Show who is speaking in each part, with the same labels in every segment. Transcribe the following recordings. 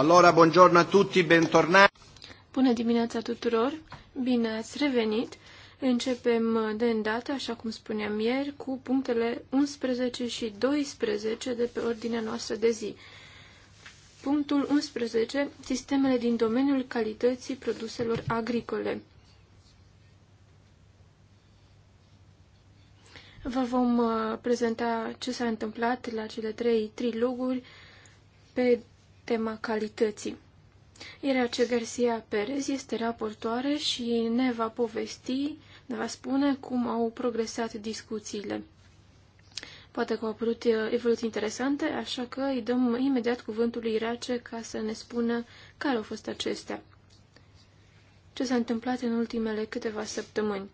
Speaker 1: Allora, buongiorno a tutti, bentornati.
Speaker 2: Bună dimineața tuturor, bine ați revenit. Începem de îndată, așa cum spuneam ieri, cu punctele 11 și 12 de pe ordinea noastră de zi. Punctul 11. Sistemele din domeniul calității produselor agricole. Vă vom uh, prezenta ce s-a întâmplat la cele trei triloguri pe tema calității. Irace Garcia Perez este raportoare și ne va povesti, ne va spune cum au progresat discuțiile. Poate că au apărut uh, evoluții interesante, așa că îi dăm imediat cuvântul lui Irace ca să ne spună care au fost acestea. Ce s-a întâmplat în ultimele câteva săptămâni,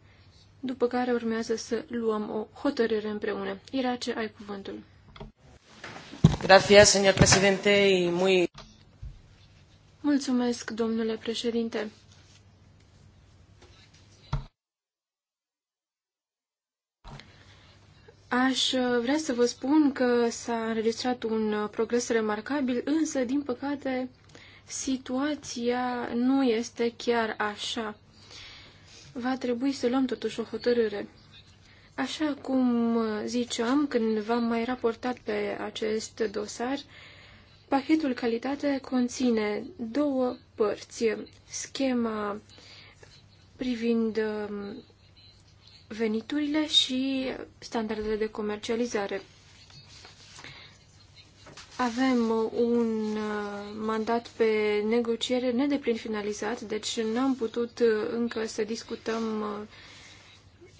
Speaker 2: după care urmează să luăm o hotărâre împreună. Irace, ai cuvântul. Gracias, señor presidente, y muy... Mulțumesc, domnule președinte. Aș uh, vrea să vă spun că s-a înregistrat un uh, progres remarcabil, însă, din păcate, situația nu este chiar așa. Va trebui să luăm totuși o hotărâre. Așa cum ziceam când v-am mai raportat pe acest dosar, pachetul calitate conține două părți. Schema privind um, veniturile și standardele de comercializare. Avem un uh, mandat pe negociere nedeplin finalizat, deci n-am putut uh, încă să discutăm uh,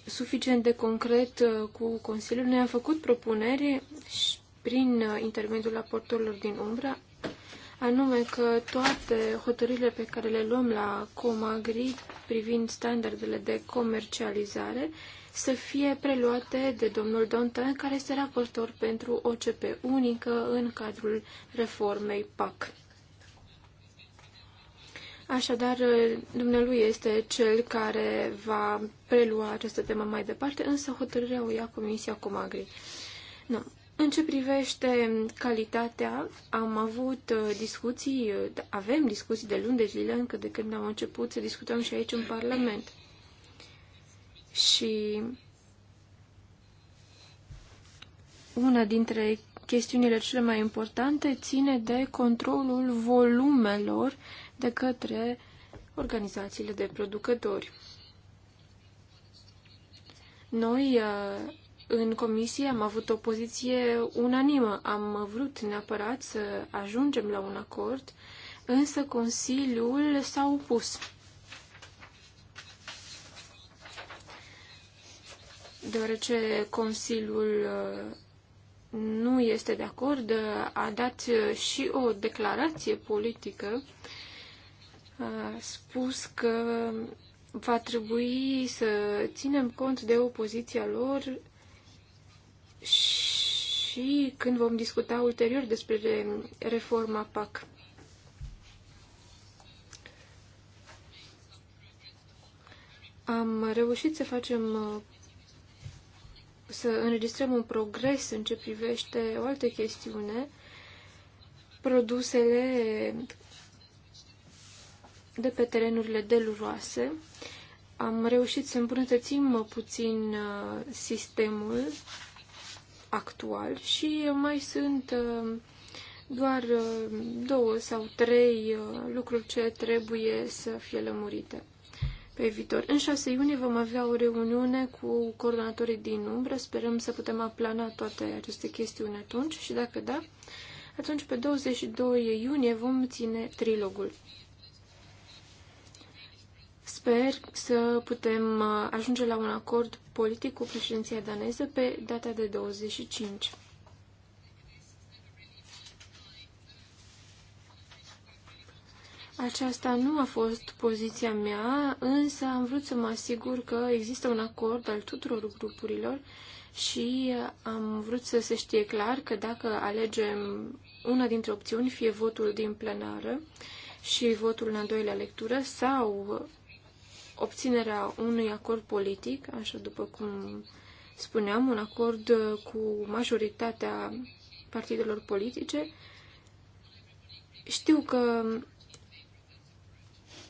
Speaker 2: suficient de concret uh, cu Consiliul. Ne-a făcut propuneri și prin uh, intermediul raportorilor din umbra, anume că toate hotărârile pe care le luăm la Comagri privind standardele de comercializare să fie preluate de domnul Dontan, care este raportor pentru OCP unică în cadrul reformei PAC. Așadar, uh, dumnealui este cel care va prelua această temă mai departe, însă hotărârea o ia Comisia Comagri. Nu. În ce privește calitatea, am avut uh, discuții, uh, da, avem discuții de luni de zile încă de când am început să discutăm și aici în Parlament. Și una dintre chestiunile cele mai importante ține de controlul volumelor uh, de către organizațiile de producători. Noi uh, în comisie am avut o poziție unanimă. Am vrut neapărat să ajungem la un acord, însă Consiliul s-a opus. Deoarece Consiliul uh, nu este de acord, uh, a dat și o declarație politică a spus că va trebui să ținem cont de opoziția lor și când vom discuta ulterior despre reforma PAC. Am reușit să facem să înregistrăm un progres în ce privește o altă chestiune, produsele de pe terenurile deluroase. Am reușit să îmbunătățim puțin uh, sistemul actual și mai sunt uh, doar uh, două sau trei lucruri ce trebuie să fie lămurite pe viitor. În 6 iunie vom avea o reuniune cu coordonatorii din umbră. Sperăm să putem aplana toate aceste chestiuni atunci și dacă da, atunci pe 22 iunie vom ține trilogul. Sper să putem uh, ajunge la un acord politic cu președinția daneză pe data de 25. Aceasta nu a fost poziția mea, însă am vrut să mă asigur că există un acord al tuturor grupurilor și am vrut să se știe clar că dacă alegem una dintre opțiuni, fie votul din plenară și votul în a doilea lectură sau obținerea unui acord politic, așa după cum spuneam, un acord cu majoritatea partidelor politice. Știu că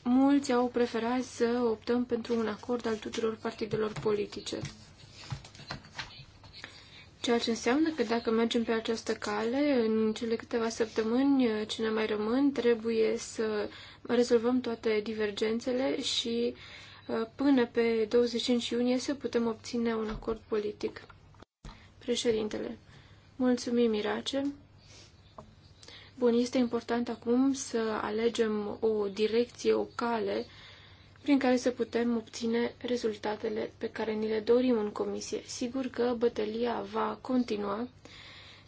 Speaker 2: mulți au preferat să optăm pentru un acord al tuturor partidelor politice. Ceea ce înseamnă că dacă mergem pe această cale, în cele câteva săptămâni ce ne mai rămân, trebuie să rezolvăm toate divergențele și uh, până pe 25 iunie să putem obține un acord politic. Președintele, mulțumim, mirace Bun, este important acum să alegem o direcție, o cale prin care să putem obține rezultatele pe care ni le dorim în comisie. Sigur că bătălia va continua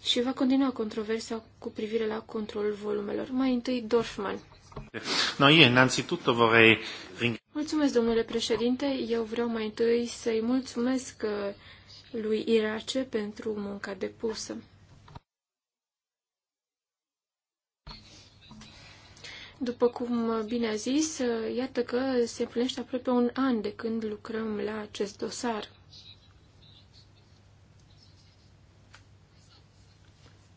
Speaker 2: și va continua controversa cu privire la controlul volumelor. Mai întâi, Dorfman. No, io innanzitutto vorrei Mulțumesc, domnule președinte. Eu vreau mai întâi să-i mulțumesc uh, lui Irace pentru munca depusă. După cum bine a zis, iată că se împlinește aproape un an de când lucrăm la acest dosar.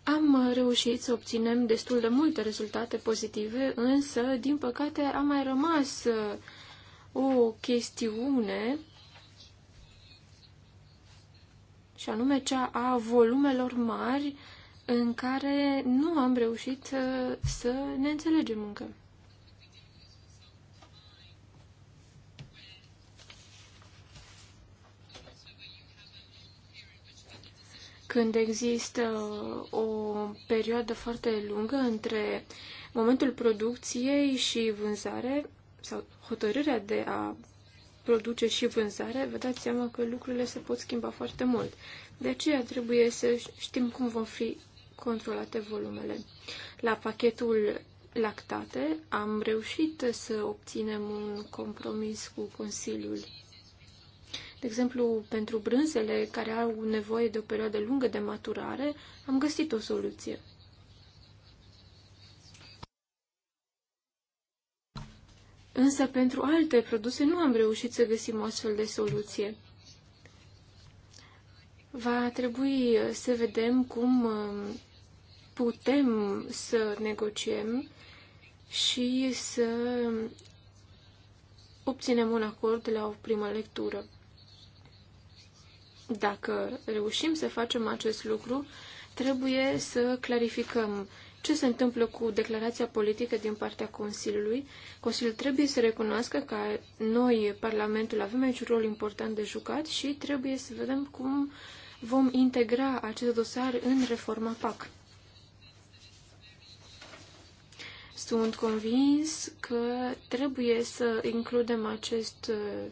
Speaker 2: Am reușit să obținem destul de multe rezultate pozitive, însă, din păcate, a mai rămas uh, o chestiune și anume cea a volumelor mari în care nu am reușit uh, să ne înțelegem încă. Când există uh, o perioadă foarte lungă între momentul producției și vânzare, sau hotărârea de a produce și vânzare, vă dați seama că lucrurile se pot schimba foarte mult. De aceea trebuie să știm cum vom fi controlate volumele. La pachetul lactate am reușit să obținem un compromis cu Consiliul. De exemplu, pentru brânzele care au nevoie de o perioadă lungă de maturare, am găsit o soluție. Însă pentru alte produse nu am reușit să găsim o astfel de soluție va trebui să vedem cum uh, putem să negociem și să obținem un acord la o primă lectură. Dacă reușim să facem acest lucru, trebuie să clarificăm ce se întâmplă cu declarația politică din partea Consiliului. Consiliul trebuie să recunoască că noi, Parlamentul, avem aici un rol important de jucat și trebuie să vedem cum uh, vom integra acest dosar în reforma PAC. Sunt convins că trebuie să includem acest uh,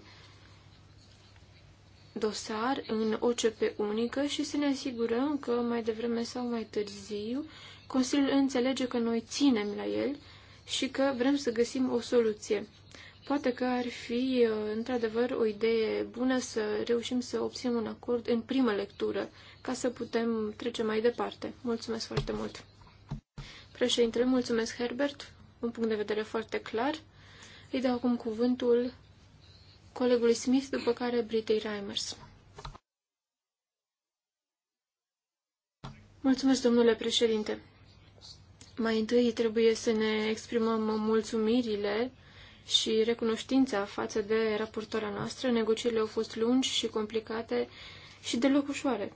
Speaker 2: dosar în OCP unică și să ne asigurăm că mai devreme sau mai târziu Consiliul înțelege că noi ținem la el și că vrem să găsim o soluție. Poate că ar fi, uh, într-adevăr, o idee bună să reușim să obținem un acord în primă lectură, ca să putem trece mai departe. Mulțumesc foarte mult! Președintele, mulțumesc, Herbert! Un punct de vedere foarte clar. Îi dau acum cuvântul colegului Smith, după care Britei Reimers. Mulțumesc, domnule președinte! Mai întâi trebuie să ne exprimăm mulțumirile și recunoștința față de raportoarea noastră. Negocierile au fost lungi și complicate și deloc ușoare.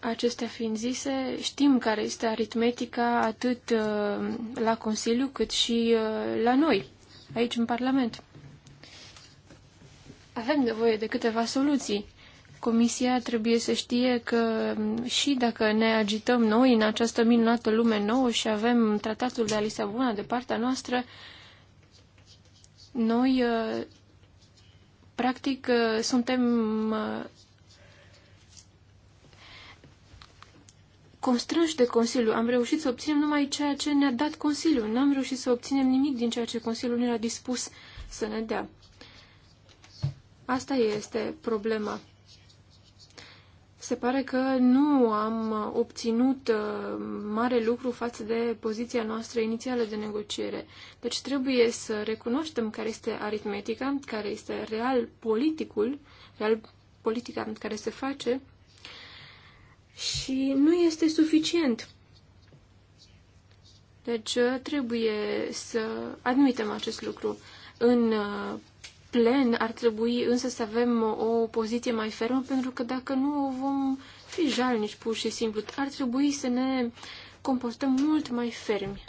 Speaker 2: Acestea fiind zise, știm care este aritmetica atât uh, la Consiliu cât și uh, la noi, aici în Parlament. Avem nevoie de câteva soluții Comisia trebuie să știe că și dacă ne agităm noi în această minunată lume nouă și avem tratatul de la Lisabona de partea noastră, noi uh, practic uh, suntem uh, constrânși de Consiliu. Am reușit să obținem numai ceea ce ne-a dat consiliu. N-am reușit să obținem nimic din ceea ce Consiliul ne-a dispus să ne dea. Asta este problema. Se pare că nu am obținut uh, mare lucru față de poziția noastră inițială de negociere. Deci trebuie să recunoaștem care este aritmetica, care este real politicul, real politica care se face și nu este suficient. Deci uh, trebuie să admitem acest lucru. În uh, plen, ar trebui însă să avem o poziție mai fermă, pentru că dacă nu vom fi jalnici pur și simplu, ar trebui să ne comportăm mult mai fermi.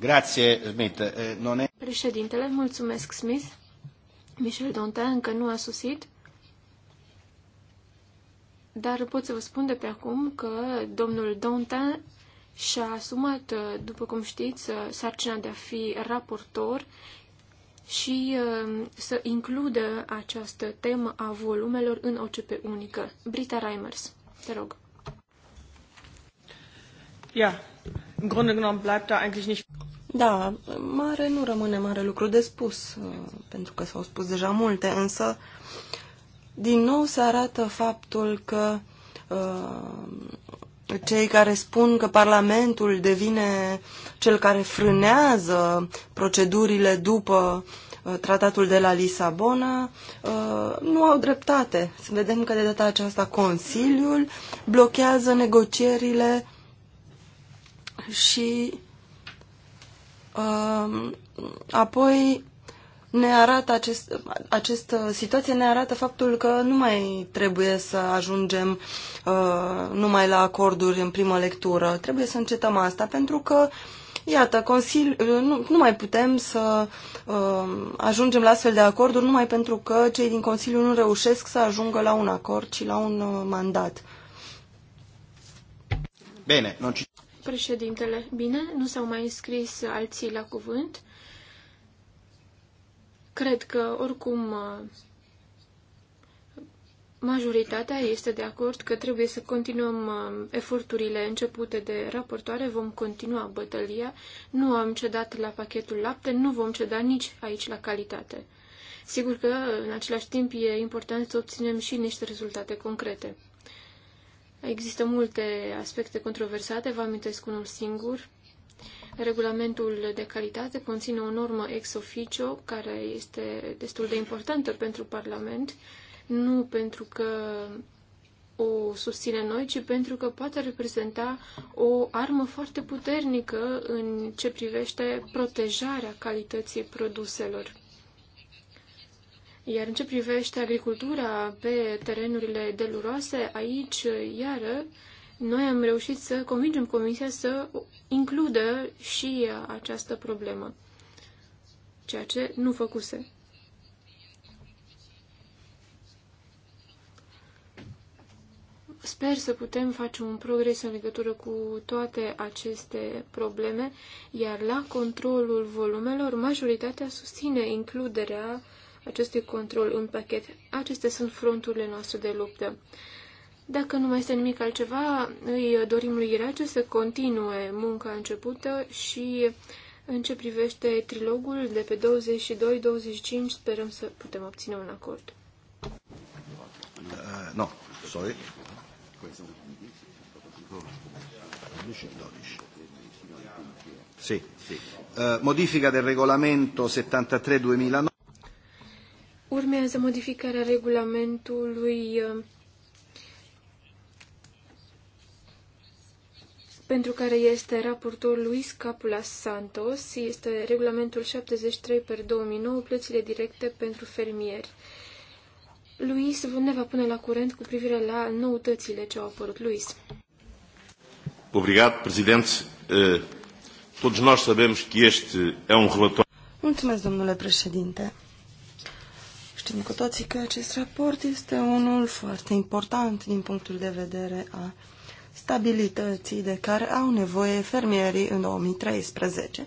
Speaker 1: Grazie, Smith. Eh, non è...
Speaker 2: Președintele, mulțumesc, Smith. Michel Donta încă nu a susit, dar pot să vă spun de pe acum că domnul Donta și-a asumat, după cum știți, sarcina de a fi raportor și uh, să includă această temă a volumelor în OCP unică. Brita Reimers,
Speaker 1: te rog. Ja, im Grunde genommen bleibt da eigentlich nicht. Da, mare nu rămâne mare lucru de spus, uh, pentru că s-au spus deja multe, însă din nou se arată faptul că uh, cei care spun că Parlamentul devine cel care frânează procedurile după uh, tratatul de la Lisabona, uh, nu au dreptate. Să vedem că de data aceasta Consiliul blochează negocierile și uh, apoi ne arată acest, această situație ne arată faptul că nu mai trebuie să ajungem uh, numai la acorduri în primă lectură. Trebuie să încetăm asta pentru că Iată, consili, uh, nu, nu mai putem să uh, ajungem la astfel de acorduri numai pentru că cei din Consiliu nu reușesc să ajungă la un acord, ci la un uh, mandat. Bine, nu
Speaker 2: Președintele, bine, nu s-au mai înscris alții la cuvânt. Cred că, oricum, uh, majoritatea este de acord că trebuie să continuăm uh, eforturile începute de raportoare, vom continua bătălia, nu am cedat la pachetul lapte, nu vom ceda nici aici la calitate. Sigur că, în același timp, e important să obținem și niște rezultate concrete. Există multe aspecte controversate, vă amintesc unul singur, Regulamentul de calitate conține o normă ex officio care este destul de importantă pentru Parlament, nu pentru că o susține noi, ci pentru că poate reprezenta o armă foarte puternică în ce privește protejarea calității produselor. Iar în ce privește agricultura pe terenurile deluroase, aici, iară, noi am reușit să convingem Comisia să includă și această problemă, ceea ce nu făcuse. Sper să putem face un progres în legătură cu toate aceste probleme, iar la controlul volumelor, majoritatea susține includerea acestui control în pachet. Acestea sunt fronturile noastre de luptă. Dacă nu mai este nimic altceva, îi dorim lui Irace să continue munca începută și în ce privește trilogul de pe 22-25 sperăm să putem obține un acord. Uh, no, sorry. 12.
Speaker 3: Sì. Uh, modifica del regolamento 73-2009.
Speaker 2: Urmează modificarea regulamentului uh, pentru care este raportor Luis Capulas Santos, este regulamentul 73 per 2009, plățile directe pentru fermieri. Luis ne va pune la curent cu privire la noutățile ce au
Speaker 1: apărut. Luis. Obrigat, Presidente. Eh, Toți noi nós că este e un um relator. Mulțumesc, domnule președinte. Știm cu toții că acest raport este unul foarte important din punctul de vedere a stabilității de care au nevoie fermierii în 2013,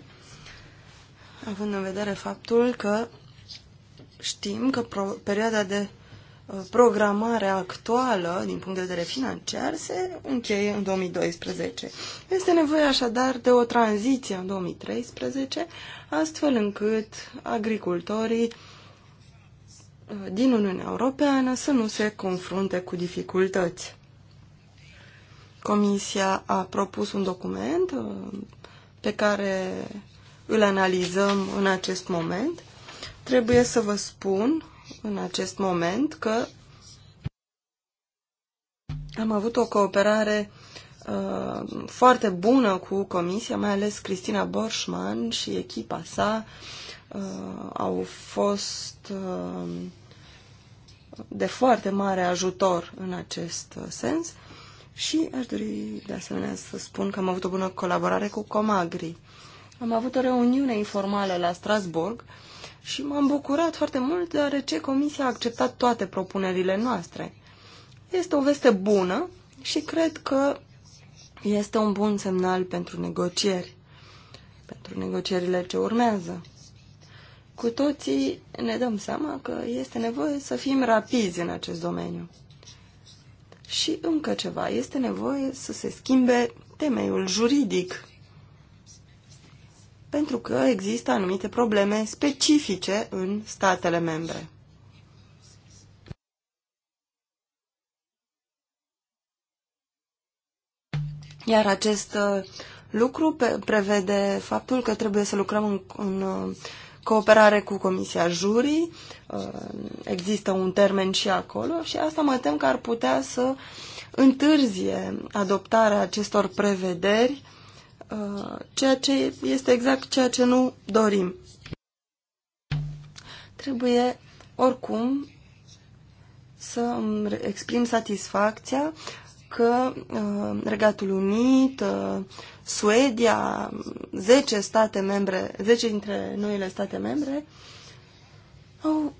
Speaker 1: având în vedere faptul că știm că pro- perioada de uh, programare actuală, din punct de vedere financiar, se încheie în 2012. Este nevoie așadar de o tranziție în 2013, astfel încât agricultorii uh, din Uniunea Europeană să nu se confrunte cu dificultăți. Comisia a propus un document uh, pe care îl analizăm în acest moment. Trebuie să vă spun în acest moment că am avut o cooperare uh, foarte bună cu Comisia, mai ales Cristina Borșman și echipa sa uh, au fost uh, de foarte mare ajutor în acest sens. Și aș dori de asemenea să spun că am avut o bună colaborare cu Comagri. Am avut o reuniune informală la Strasburg și m-am bucurat foarte mult deoarece Comisia a acceptat toate propunerile noastre. Este o veste bună și cred că este un bun semnal pentru negocieri, pentru negocierile ce urmează. Cu toții ne dăm seama că este nevoie să fim rapizi în acest domeniu. Și încă ceva, este nevoie să se schimbe temeiul juridic. Pentru că există anumite probleme specifice în statele membre. Iar acest uh, lucru prevede faptul că trebuie să lucrăm în, în uh, cooperare cu Comisia Jurii, uh, există un termen și acolo și asta mă tem că ar putea să întârzie adoptarea acestor prevederi, uh, ceea ce este exact ceea ce nu dorim. Trebuie oricum să îmi exprim satisfacția că uh, Regatul Unit, Suedia, 10 state membre, 10 dintre noile state membre au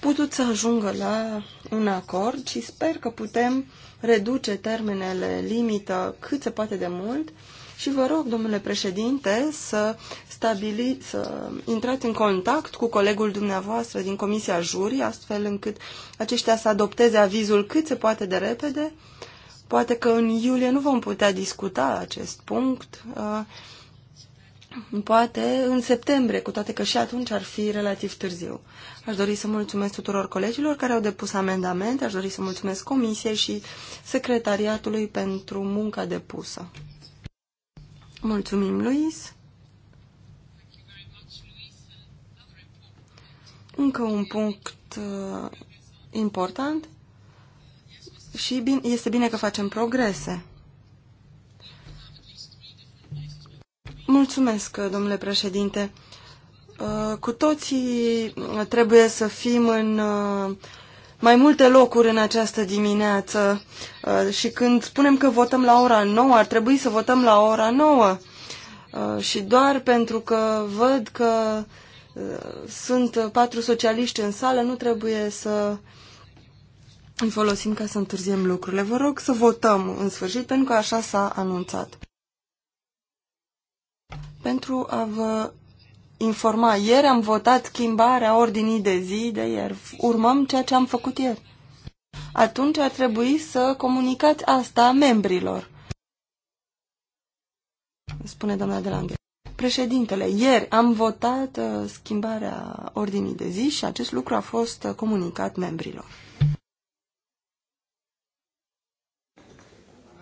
Speaker 1: putut să ajungă la un acord și sper că putem reduce termenele limită cât se poate de mult și vă rog, domnule președinte, să, stabili, să intrați în contact cu colegul dumneavoastră din Comisia Juri, astfel încât aceștia să adopteze avizul cât se poate de repede Poate că în iulie nu vom putea discuta acest punct, uh, poate în septembrie, cu toate că și atunci ar fi relativ târziu. Aș dori să mulțumesc tuturor colegilor care au depus amendamente, aș dori să mulțumesc comisiei și secretariatului pentru munca depusă. Mulțumim, Luis! Încă un punct uh, important și bine, este bine că facem progrese. Mulțumesc, domnule președinte. Uh, cu toții trebuie să fim în uh, mai multe locuri în această dimineață uh, și când spunem că votăm la ora 9, ar trebui să votăm la ora 9. Și doar pentru că văd că sunt patru socialiști în sală, nu trebuie să îi folosim ca să întârziem lucrurile. Vă rog să votăm în sfârșit, pentru că așa s-a anunțat. Pentru a vă informa, ieri am votat schimbarea ordinii de zi de ieri. Urmăm ceea ce am făcut ieri. Atunci ar trebui să comunicați asta membrilor. Spune doamna de Lange. Președintele, ieri am votat uh, schimbarea ordinii de zi și acest lucru a fost uh, comunicat membrilor.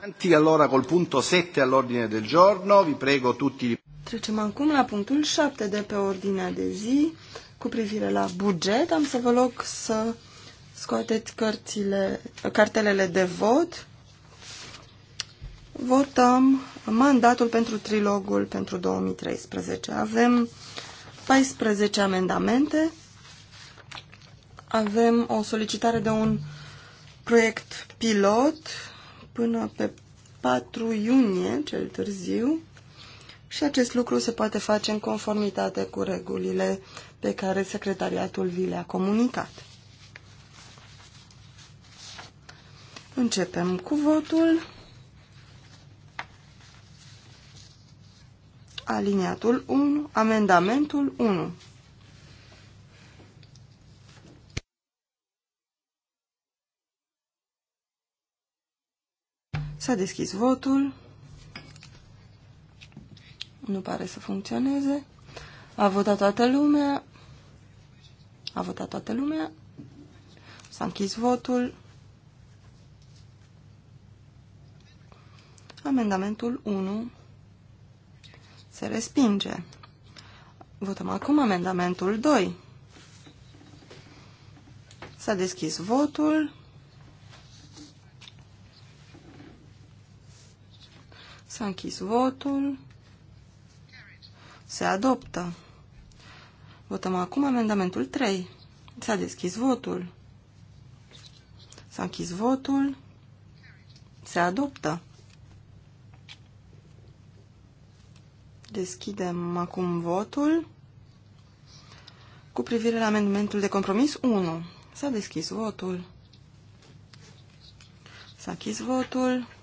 Speaker 1: Avanti allora col punto 7 all'ordine del giorno, vi prego tutti. Trecem acum la punctul 7 de pe ordinea de zi cu privire la buget. Am să vă rog să scoateți cărțile, cartelele de vot. Votăm mandatul pentru trilogul pentru 2013. Avem 14 amendamente. Avem o solicitare de un proiect pilot până pe 4 iunie, cel târziu, și acest lucru se poate face în conformitate cu regulile pe care secretariatul vi le-a comunicat. Începem cu votul. Aliniatul 1, amendamentul 1. S-a deschis votul. Nu pare să funcționeze. A votat toată lumea. A votat toată lumea. S-a închis votul. Amendamentul 1 se respinge. Votăm acum amendamentul 2. S-a deschis votul. S-a închis votul. Se adoptă. Votăm acum amendamentul 3. S-a deschis votul. S-a închis votul. Se adoptă. Deschidem acum votul cu privire la amendamentul de compromis 1. S-a deschis votul. S-a închis votul.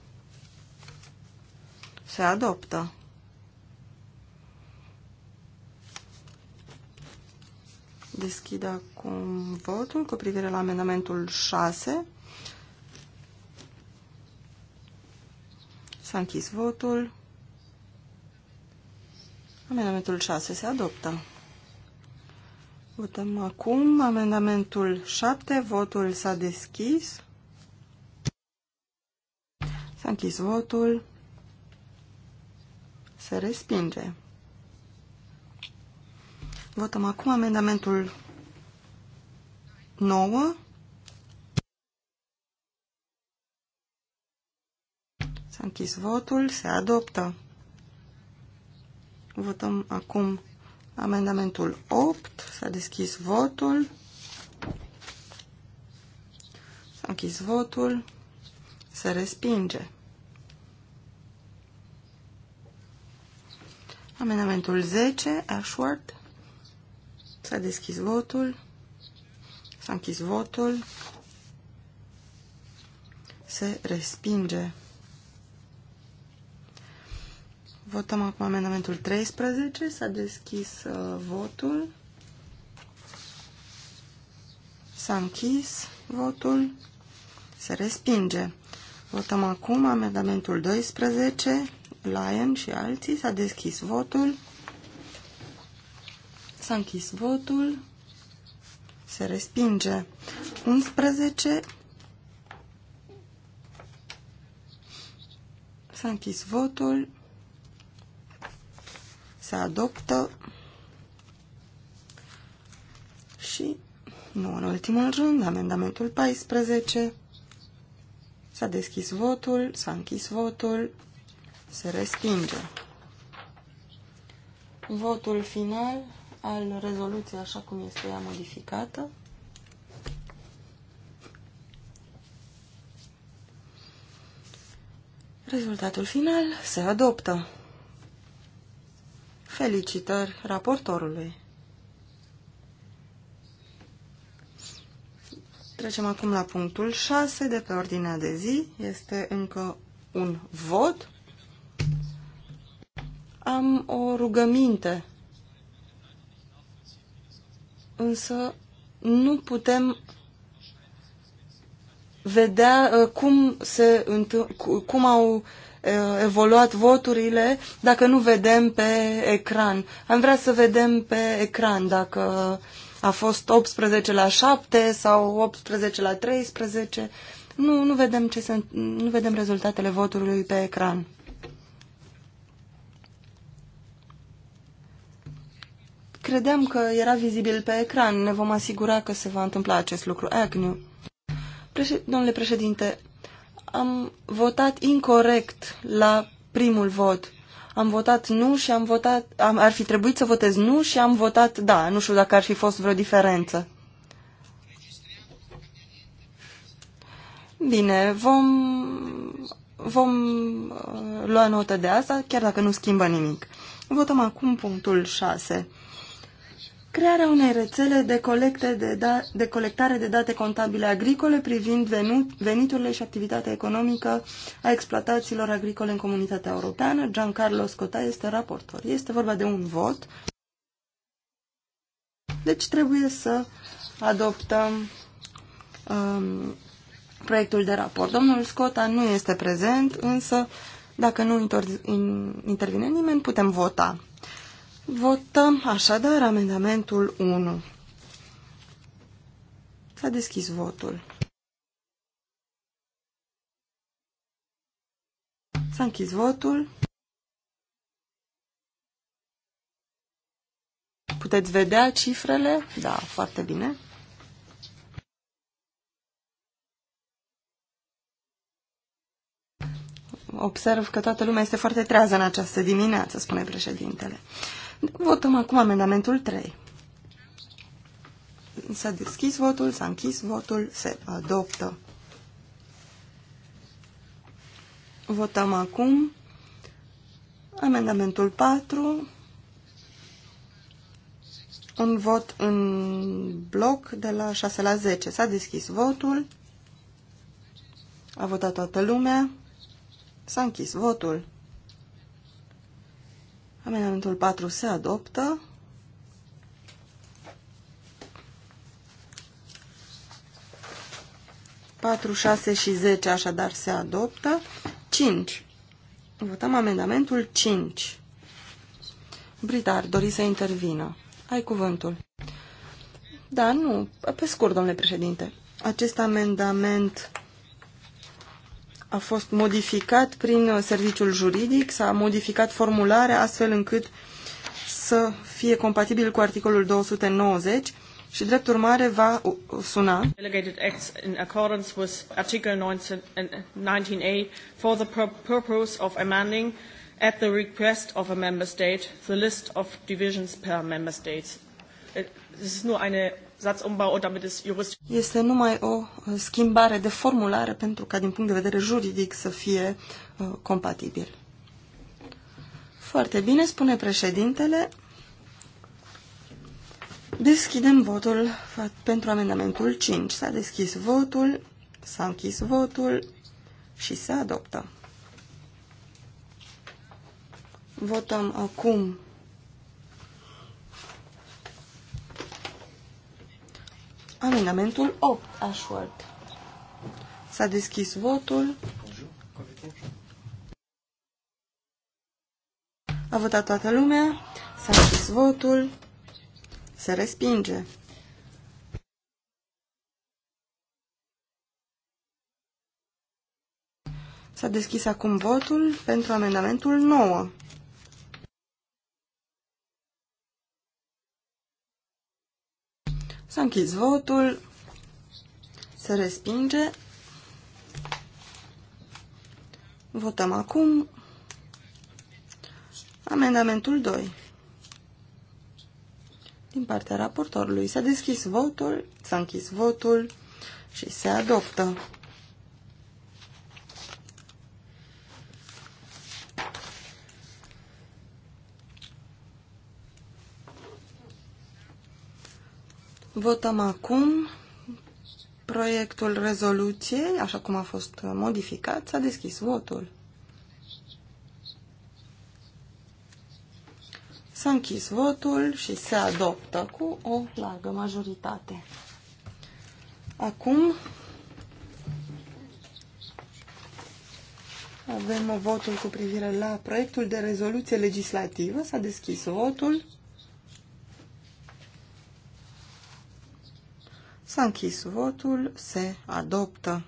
Speaker 1: Se adoptă. Deschid acum votul cu privire la amendamentul 6. S-a închis votul. Amendamentul 6 se adoptă. Votăm acum amendamentul 7. Votul s-a deschis. S-a închis votul se respinge. Votăm acum amendamentul 9. S-a închis votul, se adoptă. Votăm acum amendamentul 8. S-a deschis votul. S-a închis votul. Se respinge. Amendamentul 10, Ashworth. S-a deschis votul. S-a închis votul. Se respinge. Votăm acum amendamentul 13. S-a deschis uh, votul. S-a închis votul. Se respinge. Votăm acum amendamentul 12. Lyon și alții. S-a deschis votul. S-a închis votul. Se respinge. 11. S-a închis votul. Se adoptă. Și, nu în ultimul rând, amendamentul 14. S-a deschis votul, s-a închis votul, se respinge. Votul final al rezoluției așa cum este ea modificată. Rezultatul final se adoptă. Felicitări raportorului. Trecem acum la punctul 6 de pe ordinea de zi. Este încă un vot am o rugăminte, însă nu putem vedea uh, cum, se, cum au uh, evoluat voturile dacă nu vedem pe ecran. Am vrea să vedem pe ecran dacă a fost 18 la 7 sau 18 la 13. Nu, nu vedem, ce se, nu vedem rezultatele votului pe ecran. Credeam că era vizibil pe ecran. Ne vom asigura că se va întâmpla acest lucru. Agnew. Preș Domnule președinte, am votat incorrect la primul vot. Am votat nu și am votat... Am, ar fi trebuit să votez nu și am votat da. Nu știu dacă ar fi fost vreo diferență. Bine, vom, vom uh, lua notă de asta, chiar dacă nu schimbă nimic. Votăm acum punctul 6 crearea unei rețele de, colecte de, da, de colectare de date contabile agricole privind venut, veniturile și activitatea economică a exploatațiilor agricole în comunitatea europeană. Giancarlo Scotta este raportor. Este vorba de un vot. Deci trebuie să adoptăm um, proiectul de raport. Domnul Scotta nu este prezent, însă dacă nu intervine nimeni, putem vota. Votăm așadar amendamentul 1. S-a deschis votul. S-a închis votul. Puteți vedea cifrele? Da, foarte bine. Observ că toată lumea este foarte trează în această dimineață, spune președintele. Votăm acum amendamentul 3. S-a deschis votul, s-a închis votul, se adoptă. Votăm acum amendamentul 4. Un vot în bloc de la 6 la 10. S-a deschis votul. A votat toată lumea. S-a închis votul. Amendamentul 4 se adoptă. Patru, șase și 10 așadar se adoptă. 5. Votăm amendamentul 5. Britar, dori să intervină. Ai cuvântul. Da, nu. Pe scurt, domnule președinte. Acest amendament a fost modificat prin uh, serviciul juridic, s-a modificat formularea astfel încât să fie compatibil cu articolul 290 și drept urmare va suna Delegated acts in accordance with article 19a for the purpose of amending at the request of a member state the list of divisions per member states. Äh, es ist nur eine este numai o uh, schimbare de formulare pentru ca din punct de vedere juridic să fie uh, compatibil. Foarte bine, spune președintele. Deschidem votul pentru amendamentul 5. S-a deschis votul, s-a închis votul și se adoptă. Votăm acum Amendamentul 8, Ashworth. S-a deschis votul. A votat toată lumea. S-a deschis votul. Se respinge. S-a deschis acum votul pentru amendamentul 9. S-a închis votul. Se respinge. Votăm acum amendamentul 2. Din partea raportorului s-a deschis votul, s-a închis votul și se adoptă. Votăm acum proiectul rezoluției, așa cum a fost modificat, s-a deschis votul. S-a închis votul și se adoptă cu o largă majoritate. Acum avem votul cu privire la proiectul de rezoluție legislativă. S-a deschis votul. S-a închis votul, se adoptă.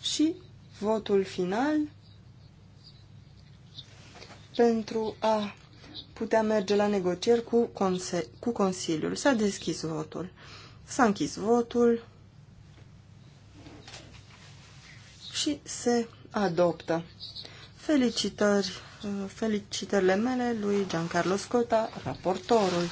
Speaker 1: Și votul final pentru a putea merge la negocieri cu, cu Consiliul. S-a deschis votul. S-a închis votul și se adoptă. Felicitări, uh, felicitările mele lui Giancarlo Scota, raportorul.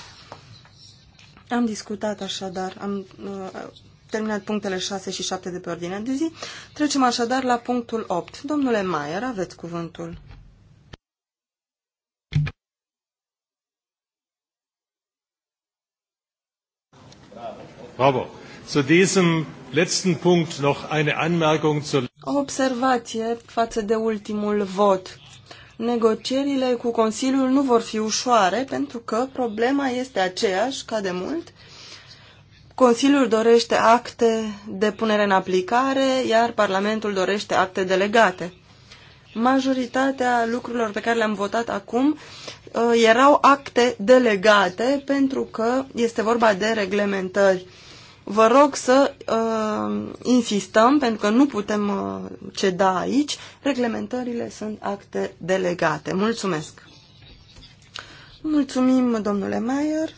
Speaker 1: Am discutat așadar, am uh, terminat punctele 6 și 7 de pe ordinea de zi. Trecem așadar la punctul 8. Domnule Maier, aveți cuvântul. Bravo. Zu diesem letzten Punkt noch eine Anmerkung zur O observație față de ultimul vot negocierile cu Consiliul nu vor fi ușoare, pentru că problema este aceeași ca de mult. Consiliul dorește acte de punere în aplicare, iar Parlamentul dorește acte delegate. Majoritatea lucrurilor pe care le-am votat acum uh, erau acte delegate, pentru că este vorba de reglementări Vă rog să uh, insistăm, pentru că nu putem uh, ceda aici. Reglementările sunt acte delegate. Mulțumesc! Mulțumim, domnule Mayer.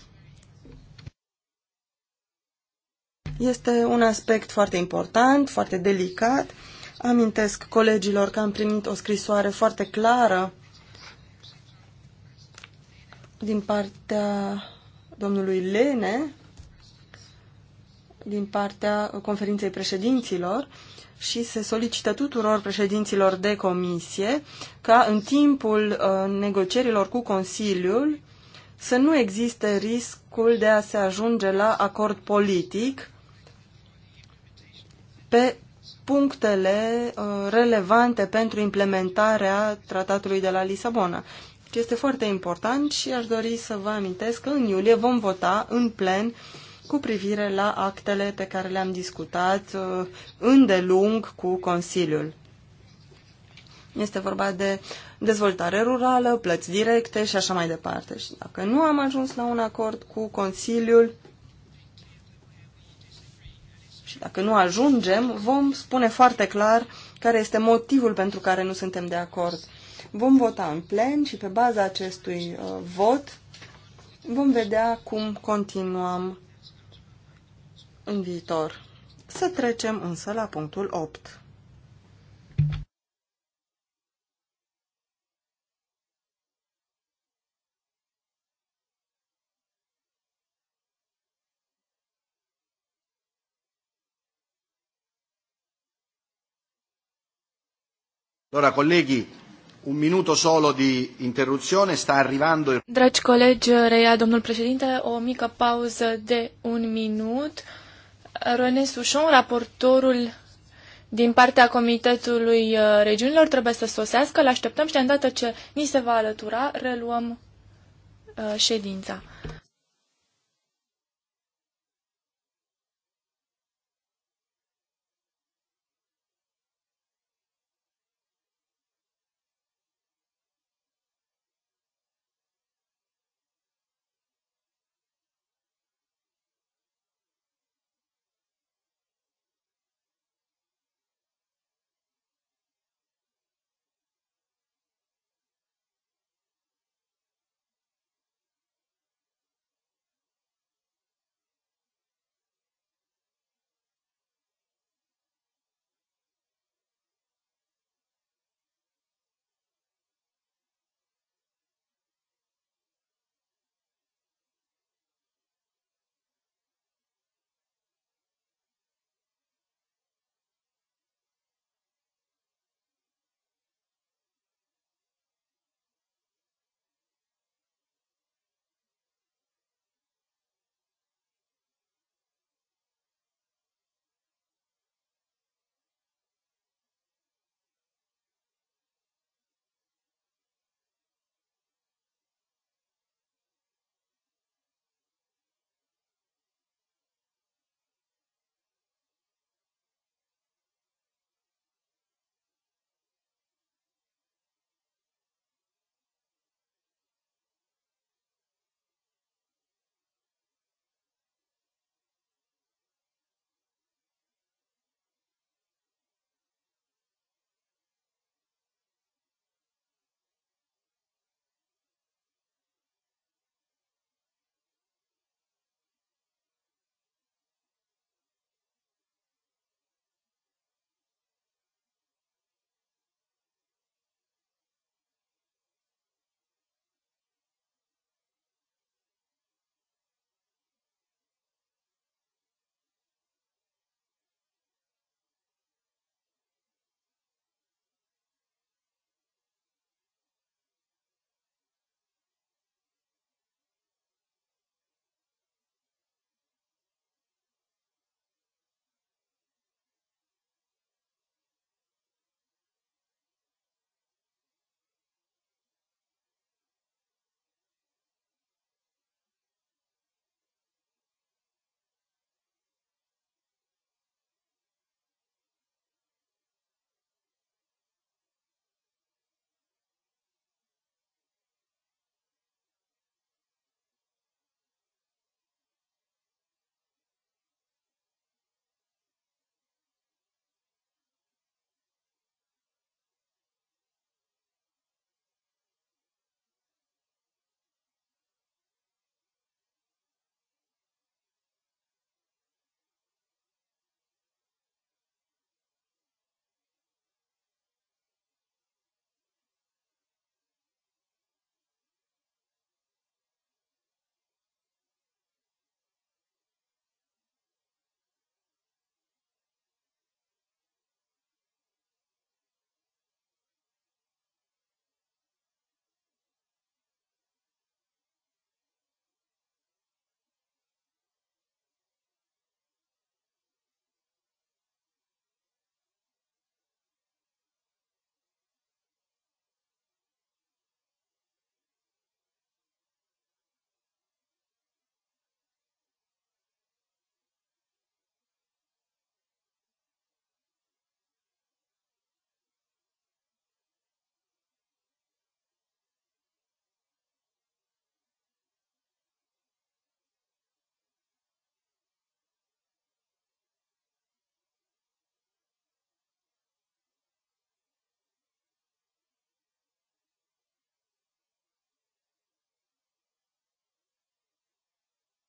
Speaker 1: Este un aspect foarte important, foarte delicat. Amintesc colegilor că am primit o scrisoare foarte clară din partea domnului Lene, din partea conferinței președinților și se solicită tuturor președinților de comisie ca în timpul uh, negocierilor cu Consiliul să nu existe riscul de a se ajunge la acord politic pe punctele uh, relevante pentru implementarea tratatului de la Lisabona. Este foarte important și aș dori să vă amintesc că în iulie vom vota în plen uh, cu privire la actele pe care le-am discutat uh, îndelung cu Consiliul. Este vorba de dezvoltare rurală, plăți directe și așa mai departe. Și dacă nu am ajuns la un acord cu Consiliul și dacă nu ajungem, vom spune foarte clar care este motivul pentru care nu suntem de acord. Vom vota în plen și pe baza acestui uh, vot vom vedea cum continuăm în viitor. Să trecem însă la punctul 8. Allora, colleghi, un minuto solo di
Speaker 3: interruzione, sta arrivando il... Dragi colegi, reia domnul președinte, o mică pauză de un minut. René Sușon, raportorul din partea Comitetului uh, Regiunilor, trebuie să sosească. L așteptăm și de îndată ce ni se va alătura, reluăm uh, ședința.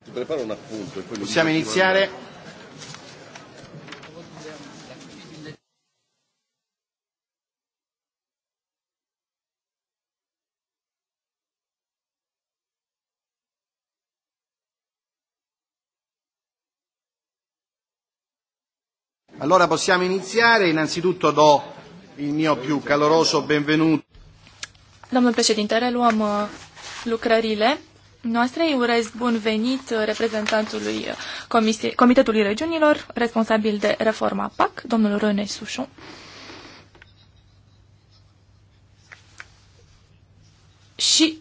Speaker 1: Ti preparo un appunto. Possiamo iniziare?
Speaker 3: Allora possiamo iniziare, innanzitutto do il mio più caloroso benvenuto. Domnul președinte, reluăm uh, lucrările noastre. Îi urez bun venit reprezentantului Comisie, Comitetului Regiunilor, responsabil de reforma PAC, domnul René Sușu. Și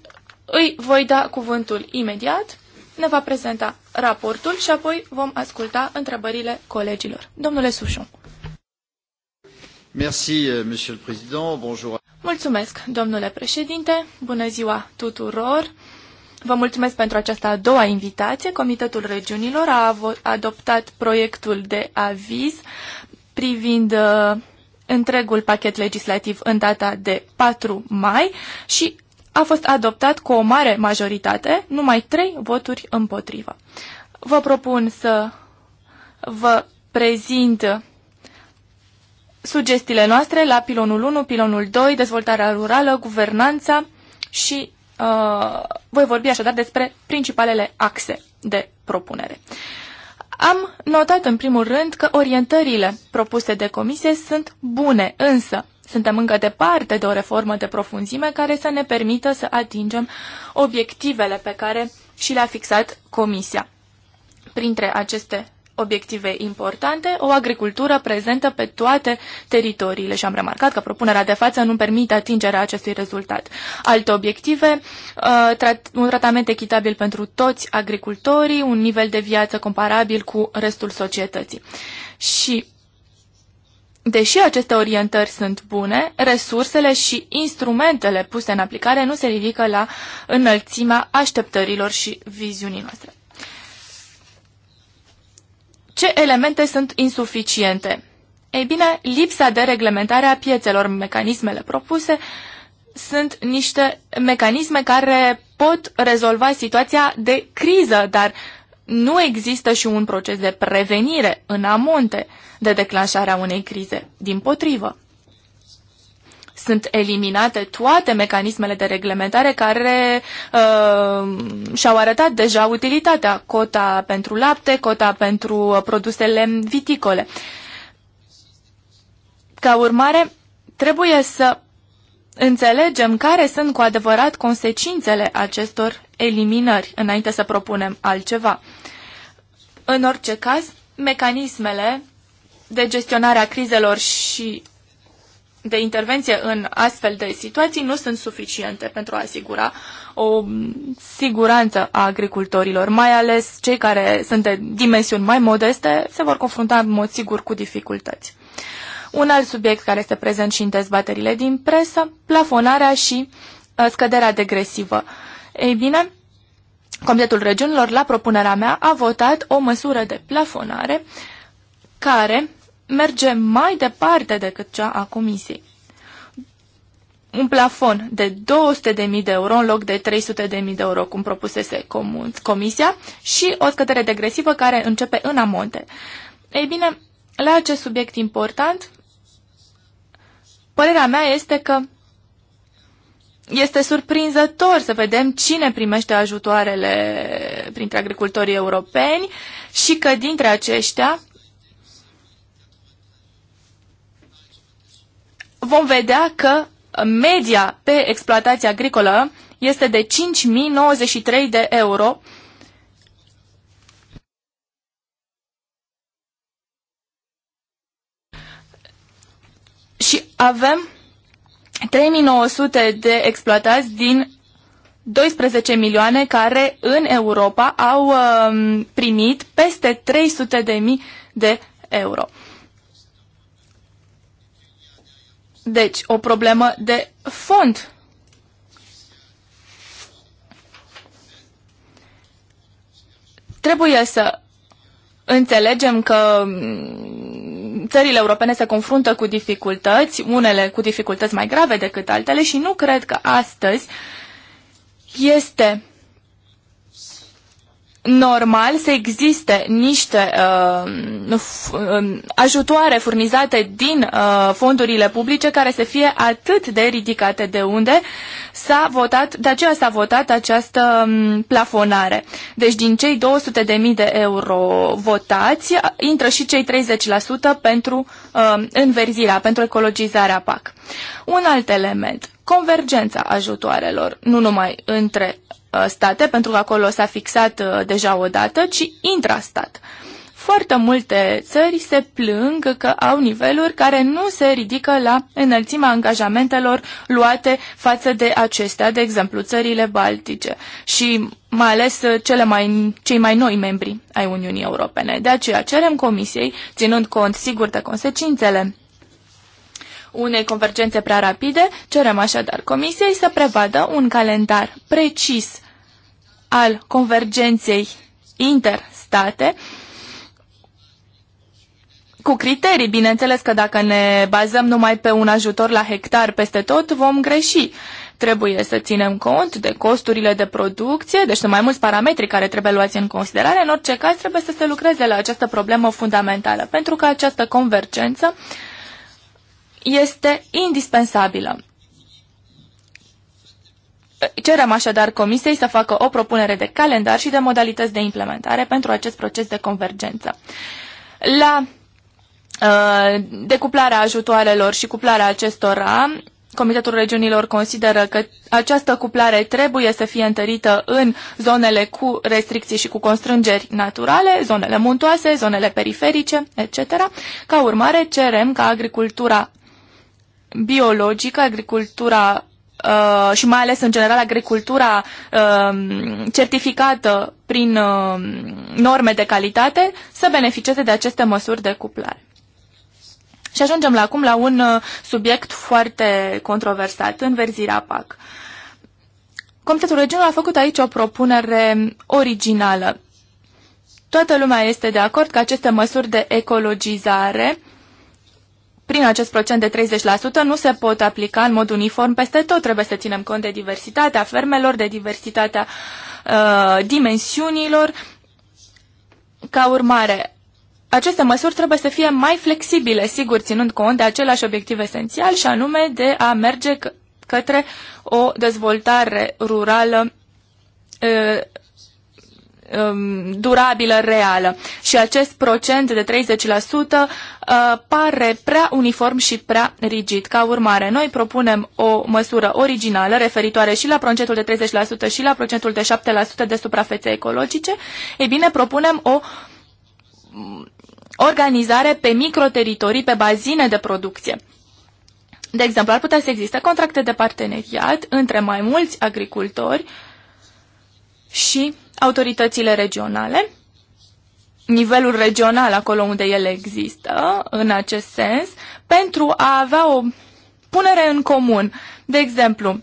Speaker 3: îi voi da cuvântul imediat, ne va prezenta raportul și apoi vom asculta întrebările colegilor. Domnule Sușu.
Speaker 1: Merci, euh, Monsieur le Président. Bonjour.
Speaker 3: Mulțumesc, domnule președinte. Bună ziua tuturor. Vă mulțumesc pentru această a doua invitație. Comitetul Regiunilor a adoptat proiectul de aviz privind uh, întregul pachet legislativ în data de 4 mai și a fost adoptat cu o mare majoritate, numai trei voturi împotrivă. Vă propun să vă prezint sugestiile noastre la pilonul 1, pilonul 2, dezvoltarea rurală, guvernanța și Uh, voi vorbi așadar despre principalele axe de propunere. Am notat în primul rând că orientările propuse de comisie sunt bune, însă suntem încă departe de o reformă de profunzime care să ne permită să atingem obiectivele pe care și le-a fixat comisia. Printre aceste obiective importante, o agricultură prezentă pe toate teritoriile și am remarcat că propunerea de față nu permite atingerea acestui rezultat. Alte obiective, uh, un tratament echitabil pentru toți agricultorii, un nivel de viață comparabil cu restul societății. Și Deși aceste orientări sunt bune, resursele și instrumentele puse în aplicare nu se ridică la înălțimea așteptărilor și viziunii noastre ce elemente sunt insuficiente? Ei bine, lipsa de reglementare a piețelor, mecanismele propuse, sunt niște mecanisme care pot rezolva situația de criză, dar nu există și un proces de prevenire în amonte de declanșarea unei crize. Din potrivă, sunt eliminate toate mecanismele de reglementare care uh, și-au arătat deja utilitatea. Cota pentru lapte, cota pentru uh, produsele viticole. Ca urmare, trebuie să înțelegem care sunt cu adevărat consecințele acestor eliminări înainte să propunem altceva. În orice caz, mecanismele de gestionare a crizelor și de intervenție în astfel de situații nu sunt suficiente pentru a asigura o siguranță a agricultorilor, mai ales cei care sunt de dimensiuni mai modeste se vor confrunta în mod sigur cu dificultăți. Un alt subiect care este prezent și în dezbaterile din presă, plafonarea și uh, scăderea degresivă. Ei bine, Comitetul Regiunilor, la propunerea mea, a votat o măsură de plafonare care merge mai departe decât cea a Comisiei. Un plafon de 200.000 de euro în loc de 300.000 de euro, cum propusese Comisia, și o scădere degresivă care începe în amonte. Ei bine, la acest subiect important, părerea mea este că este surprinzător să vedem cine primește ajutoarele printre agricultorii europeni și că dintre aceștia vom vedea că media pe exploatație agricolă este de 5.093 de euro. Și avem 3.900 de exploatați din 12 milioane care în Europa au um, primit peste 300 de mii de euro. Deci, o problemă de fond. Trebuie să înțelegem că mm, țările europene se confruntă cu dificultăți, unele cu dificultăți mai grave decât altele și nu cred că astăzi este normal să existe niște uh, um, ajutoare furnizate din uh, fondurile publice care să fie atât de ridicate de unde s-a votat, de aceea s-a votat această um, plafonare. Deci din cei 200.000 de euro votați uh, intră și cei 30% pentru uh, înverzirea, pentru ecologizarea PAC. Un alt element, convergența ajutoarelor, nu numai între Uh, state, pentru că acolo s-a fixat uh, deja o dată, ci intrastat. Foarte multe țări se plâng că au niveluri care nu se ridică la înălțimea angajamentelor luate față de acestea, de exemplu țările baltice și mai ales uh, cele mai, cei mai noi membri ai Uniunii Europene. De aceea cerem Comisiei, ținând cont sigur de consecințele unei convergențe prea rapide, cerem așadar Comisiei să prevadă un calendar precis al convergenței interstate cu criterii, bineînțeles că dacă ne bazăm numai pe un ajutor la hectar peste tot, vom greși. Trebuie să ținem cont de costurile de producție, deci sunt mai mulți parametri care trebuie luați în considerare. În orice caz, trebuie să se lucreze la această problemă fundamentală, pentru că această convergență uh, este indispensabilă. Cerem așadar Comisiei să facă o propunere de calendar și de modalități de implementare pentru acest proces de convergență. La uh, decuplarea ajutoarelor și cuplarea acestora, Comitetul Regiunilor consideră că această cuplare trebuie să fie întărită în zonele cu restricții și cu constrângeri naturale, zonele muntoase, zonele periferice, etc. Ca urmare, cerem ca agricultura biologică, agricultura uh, și mai ales în general agricultura uh, certificată prin uh, norme de calitate să beneficieze de aceste măsuri de cuplare. Și ajungem la acum la un uh, subiect foarte controversat, înverzirea PAC. Comitetul Regional a făcut aici o propunere originală. Toată lumea este de acord că aceste măsuri de ecologizare prin acest procent de 30% nu se pot aplica în mod uniform peste tot. Trebuie să ținem cont de diversitatea fermelor, de diversitatea uh, dimensiunilor. Ca urmare, aceste măsuri trebuie să fie mai flexibile, sigur, ținând cont de același obiectiv esențial și anume de a merge către o dezvoltare rurală uh, Um, durabilă, reală. Și acest procent de 30% uh, pare prea uniform și prea rigid. Ca urmare, noi propunem o măsură originală referitoare și la procentul de 30% și la procentul de 7% de suprafețe ecologice. Ei bine, propunem o mm, organizare pe microteritorii, pe bazine de producție. De exemplu, ar putea să existe contracte de parteneriat între mai mulți agricultori și autoritățile regionale, nivelul regional acolo unde ele există, în acest sens, pentru a avea o punere în comun. De exemplu,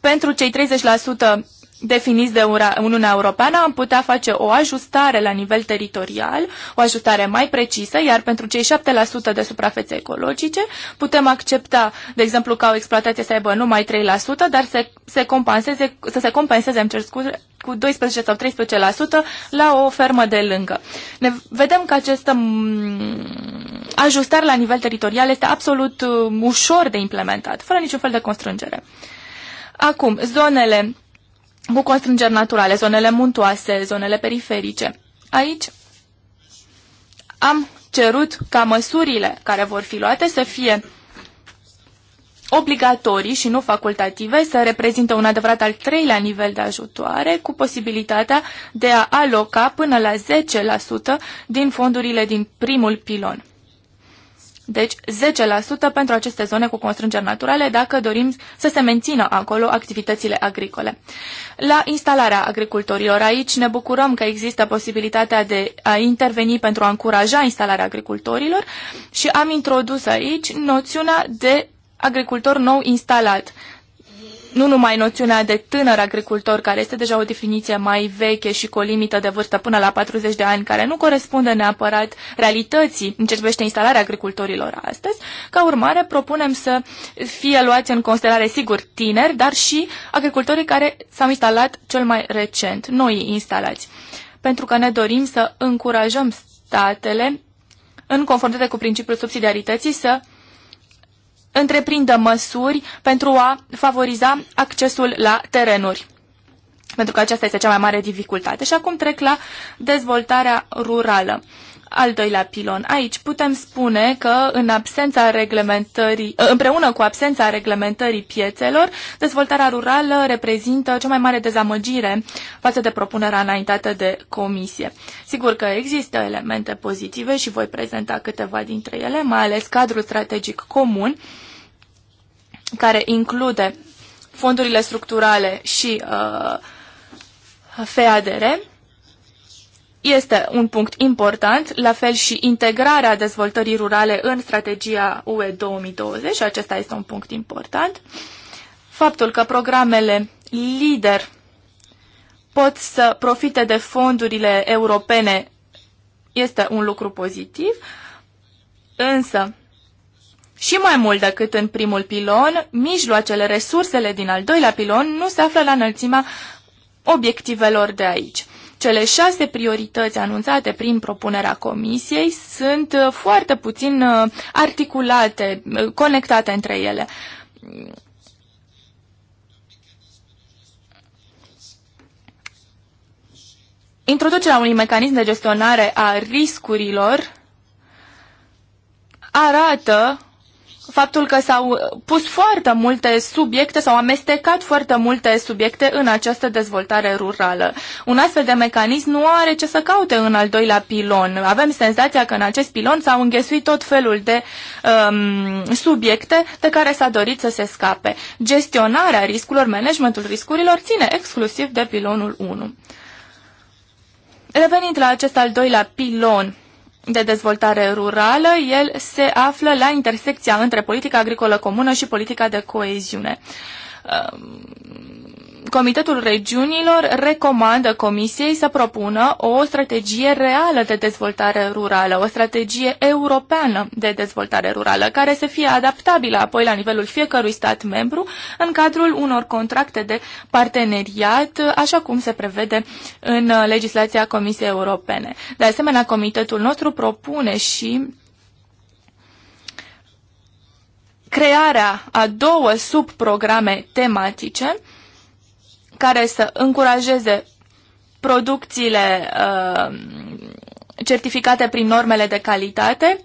Speaker 3: pentru cei 30% definiți de Uniunea Europeană, am putea face o ajustare la nivel teritorial, o ajustare mai precisă, iar pentru cei 7% de suprafețe ecologice putem accepta, de exemplu, ca o exploatație să aibă numai 3%, dar se, se compenseze, să se compenseze, îmi cer scuze, cu 12 sau 13% la o fermă de lângă. Ne vedem că această mm, ajustare la nivel teritorial este absolut mm, ușor de implementat, fără niciun fel de constrângere. Acum, zonele cu constrângeri naturale, zonele muntoase, zonele periferice. Aici am cerut ca măsurile care vor fi luate să fie obligatorii și nu facultative, să reprezintă un adevărat al treilea nivel de ajutoare, cu posibilitatea de a aloca până la 10% din fondurile din primul pilon. Deci 10% pentru aceste zone cu constrângeri naturale dacă dorim să se mențină acolo activitățile agricole. La instalarea agricultorilor aici ne bucurăm că există posibilitatea de a interveni pentru a încuraja instalarea agricultorilor și am introdus aici noțiunea de agricultor nou instalat nu numai noțiunea de tânăr agricultor, care este deja o definiție mai veche și cu o limită de vârstă până la 40 de ani, care nu corespunde neapărat realității în ce privește instalarea agricultorilor astăzi. Ca urmare, propunem să fie luați în considerare, sigur, tineri, dar și agricultorii care s-au instalat cel mai recent, noi instalați. Pentru că ne dorim să încurajăm statele, în conformitate cu principiul subsidiarității, să întreprindă măsuri pentru a favoriza accesul la terenuri. Pentru că aceasta este cea mai mare dificultate. Și acum trec la dezvoltarea rurală. Al doilea pilon. Aici putem spune că în absența reglementării, ă, împreună cu absența reglementării piețelor, dezvoltarea rurală reprezintă cea mai mare dezamăgire față de propunerea înaintată de comisie. Sigur că există elemente pozitive și voi prezenta câteva dintre ele, mai ales cadrul strategic comun, care include fondurile structurale și uh, FADR, este un punct important, la fel și integrarea dezvoltării rurale în strategia UE 2020, și acesta este un punct important. Faptul că programele LIDER pot să profite de fondurile europene este un lucru pozitiv, însă și mai mult decât în primul pilon, mijloacele, resursele din al doilea pilon nu se află la înălțimea obiectivelor de aici. Cele șase priorități anunțate prin propunerea comisiei sunt uh, foarte puțin uh, articulate, uh, conectate între ele. Introducerea unui mecanism de gestionare a riscurilor arată faptul că s-au pus foarte multe subiecte, s-au amestecat foarte multe subiecte în această dezvoltare rurală. Un astfel de mecanism nu are ce să caute în al doilea pilon. Avem senzația că în acest pilon s-au înghesuit tot felul de um, subiecte de care s-a dorit să se scape. Gestionarea riscurilor, managementul riscurilor ține exclusiv de pilonul 1. Revenind la acest al doilea pilon, de dezvoltare rurală, el se află la intersecția între politica agricolă comună și politica de coeziune. Ehm, Comitetul Regiunilor recomandă Comisiei să propună o strategie reală de dezvoltare rurală, o strategie europeană de dezvoltare rurală, care să fie adaptabilă apoi la nivelul fiecărui stat membru în cadrul unor contracte de parteneriat, așa cum se prevede în legislația Comisiei Europene. De asemenea, Comitetul nostru propune și crearea a două subprograme tematice care să încurajeze producțiile uh, certificate prin normele de calitate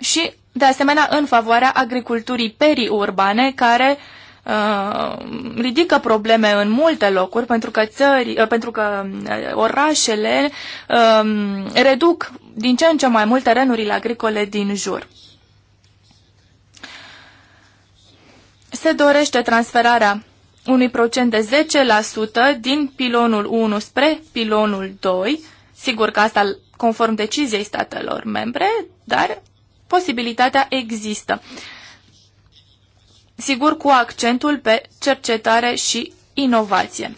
Speaker 3: și, de asemenea, în favoarea agriculturii periurbane, care uh, ridică probleme în multe locuri, pentru că, țări, uh, pentru că uh, orașele uh, reduc din ce în ce mai mult terenurile agricole din jur. Se dorește transferarea unui procent de 10% din pilonul 1 spre pilonul 2, sigur că asta conform deciziei statelor membre, dar posibilitatea există. Sigur cu accentul pe cercetare și inovație.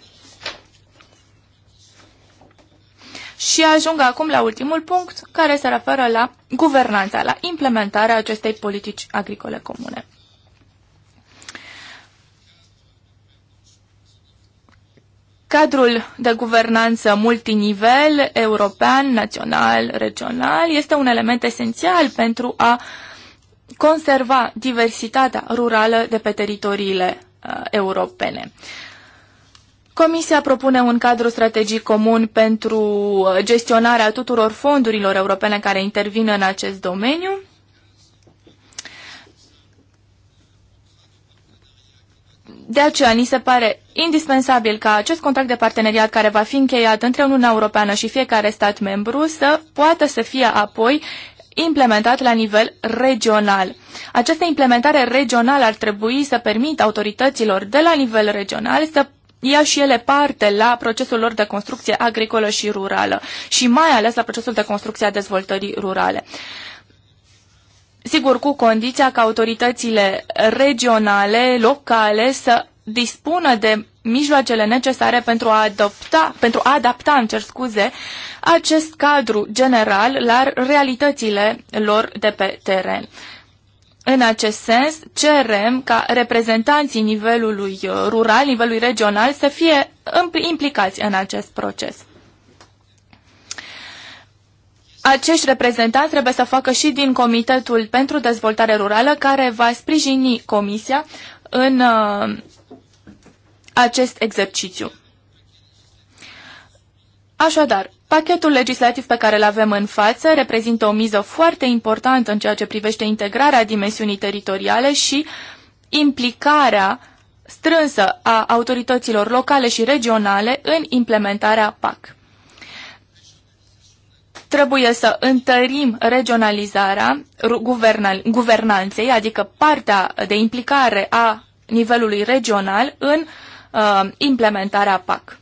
Speaker 3: Și ajung acum la ultimul punct, care se referă la guvernanța, la implementarea acestei politici agricole comune. Cadrul de guvernanță multinivel, european, național, regional, este un element esențial pentru a conserva diversitatea rurală de pe teritoriile uh, europene. Comisia propune un cadru strategic comun pentru uh, gestionarea tuturor fondurilor europene care intervin în acest domeniu De aceea, ni se pare indispensabil ca acest contract de parteneriat care va fi încheiat între Uniunea Europeană și fiecare stat membru să poată să fie apoi implementat la nivel regional. Această implementare regională ar trebui să permită autorităților de la nivel regional să ia și ele parte la procesul lor de construcție agricolă și rurală și mai ales la procesul de construcție a dezvoltării rurale. Sigur, cu condiția ca autoritățile regionale, locale să dispună de mijloacele necesare pentru a adopta, pentru a adapta, îmi cer scuze, acest cadru general la realitățile lor de pe teren. În acest sens, cerem ca reprezentanții nivelului uh, rural, nivelului regional, să fie uh, implicați în acest proces acești reprezentanți trebuie să facă și din Comitetul pentru Dezvoltare Rurală, care va sprijini Comisia în uh, acest exercițiu. Așadar, pachetul legislativ pe care îl avem în față reprezintă o miză foarte importantă în ceea ce privește integrarea dimensiunii teritoriale și implicarea strânsă a autorităților locale și regionale în implementarea PAC. Trebuie să întărim regionalizarea guvernanței, adică partea de implicare a nivelului regional în uh, implementarea PAC.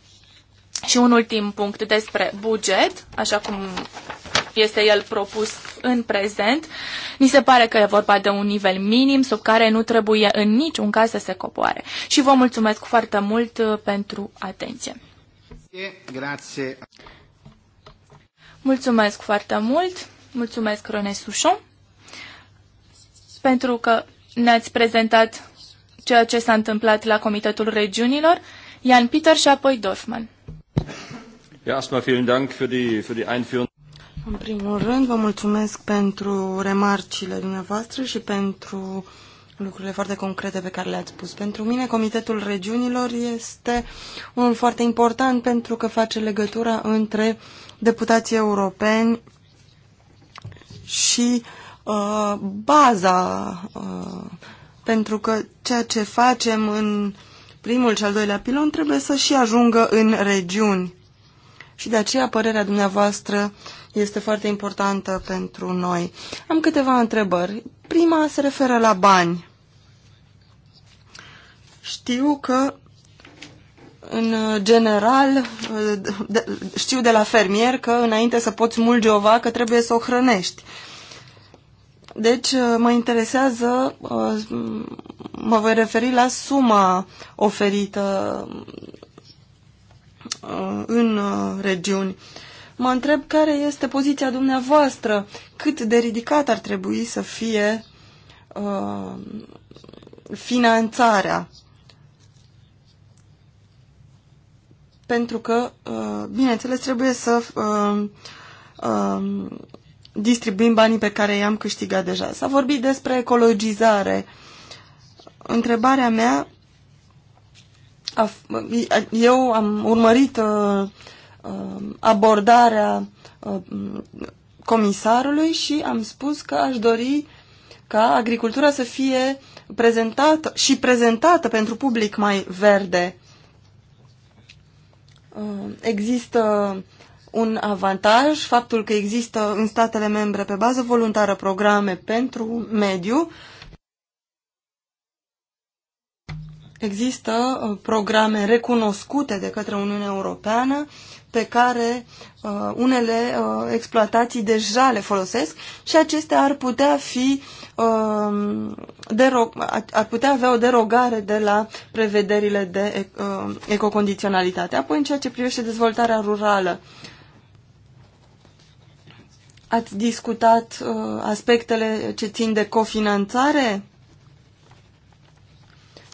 Speaker 3: Și un ultim punct despre buget, așa cum este el propus în prezent. Ni se pare că e vorba de un nivel minim sub care nu trebuie în niciun caz să se coboare. Și vă mulțumesc foarte mult uh, pentru atenție. Grazie. Mulțumesc foarte mult, mulțumesc Rone Sușo, pentru că ne-ați prezentat ceea ce s-a întâmplat la Comitetul Regiunilor,
Speaker 1: Jan Peter și apoi Dorfman. În primul rând, vă mulțumesc pentru remarcile dumneavoastră și pentru lucrurile foarte concrete pe care le-ați spus. Pentru mine, Comitetul Regiunilor este unul foarte important pentru că face legătura între deputații europeni și uh, baza, uh, pentru că ceea ce facem în primul și al doilea pilon trebuie să și ajungă în regiuni. Și de aceea părerea dumneavoastră este foarte importantă pentru noi. Am câteva întrebări. Prima se referă la bani. Știu că în general, știu de la fermier că înainte să poți mulge o vacă trebuie să o hrănești. Deci uh, mă interesează, uh, mă voi referi la suma oferită uh, în regiuni. Mă întreb care este poziția dumneavoastră, cât de ridicat ar trebui să fie finanțarea pentru că, uh, bineînțeles, trebuie să uh, uh, distribuim banii pe care i-am câștigat deja. S-a vorbit despre ecologizare. Întrebarea mea, eu am urmărit abordarea comisarului și am spus că aș dori ca agricultura să fie prezentată și prezentată pentru public mai verde. Uh, există un avantaj, faptul că există în statele membre pe bază voluntară programe pentru mediu. Există uh, programe recunoscute de către Uniunea Europeană pe care uh, unele uh, exploatații deja le folosesc și acestea ar putea fi uh, ar putea avea o derogare de la prevederile de uh, ecocondiționalitate. Apoi, în ceea ce privește dezvoltarea rurală, ați discutat uh, aspectele ce țin de cofinanțare?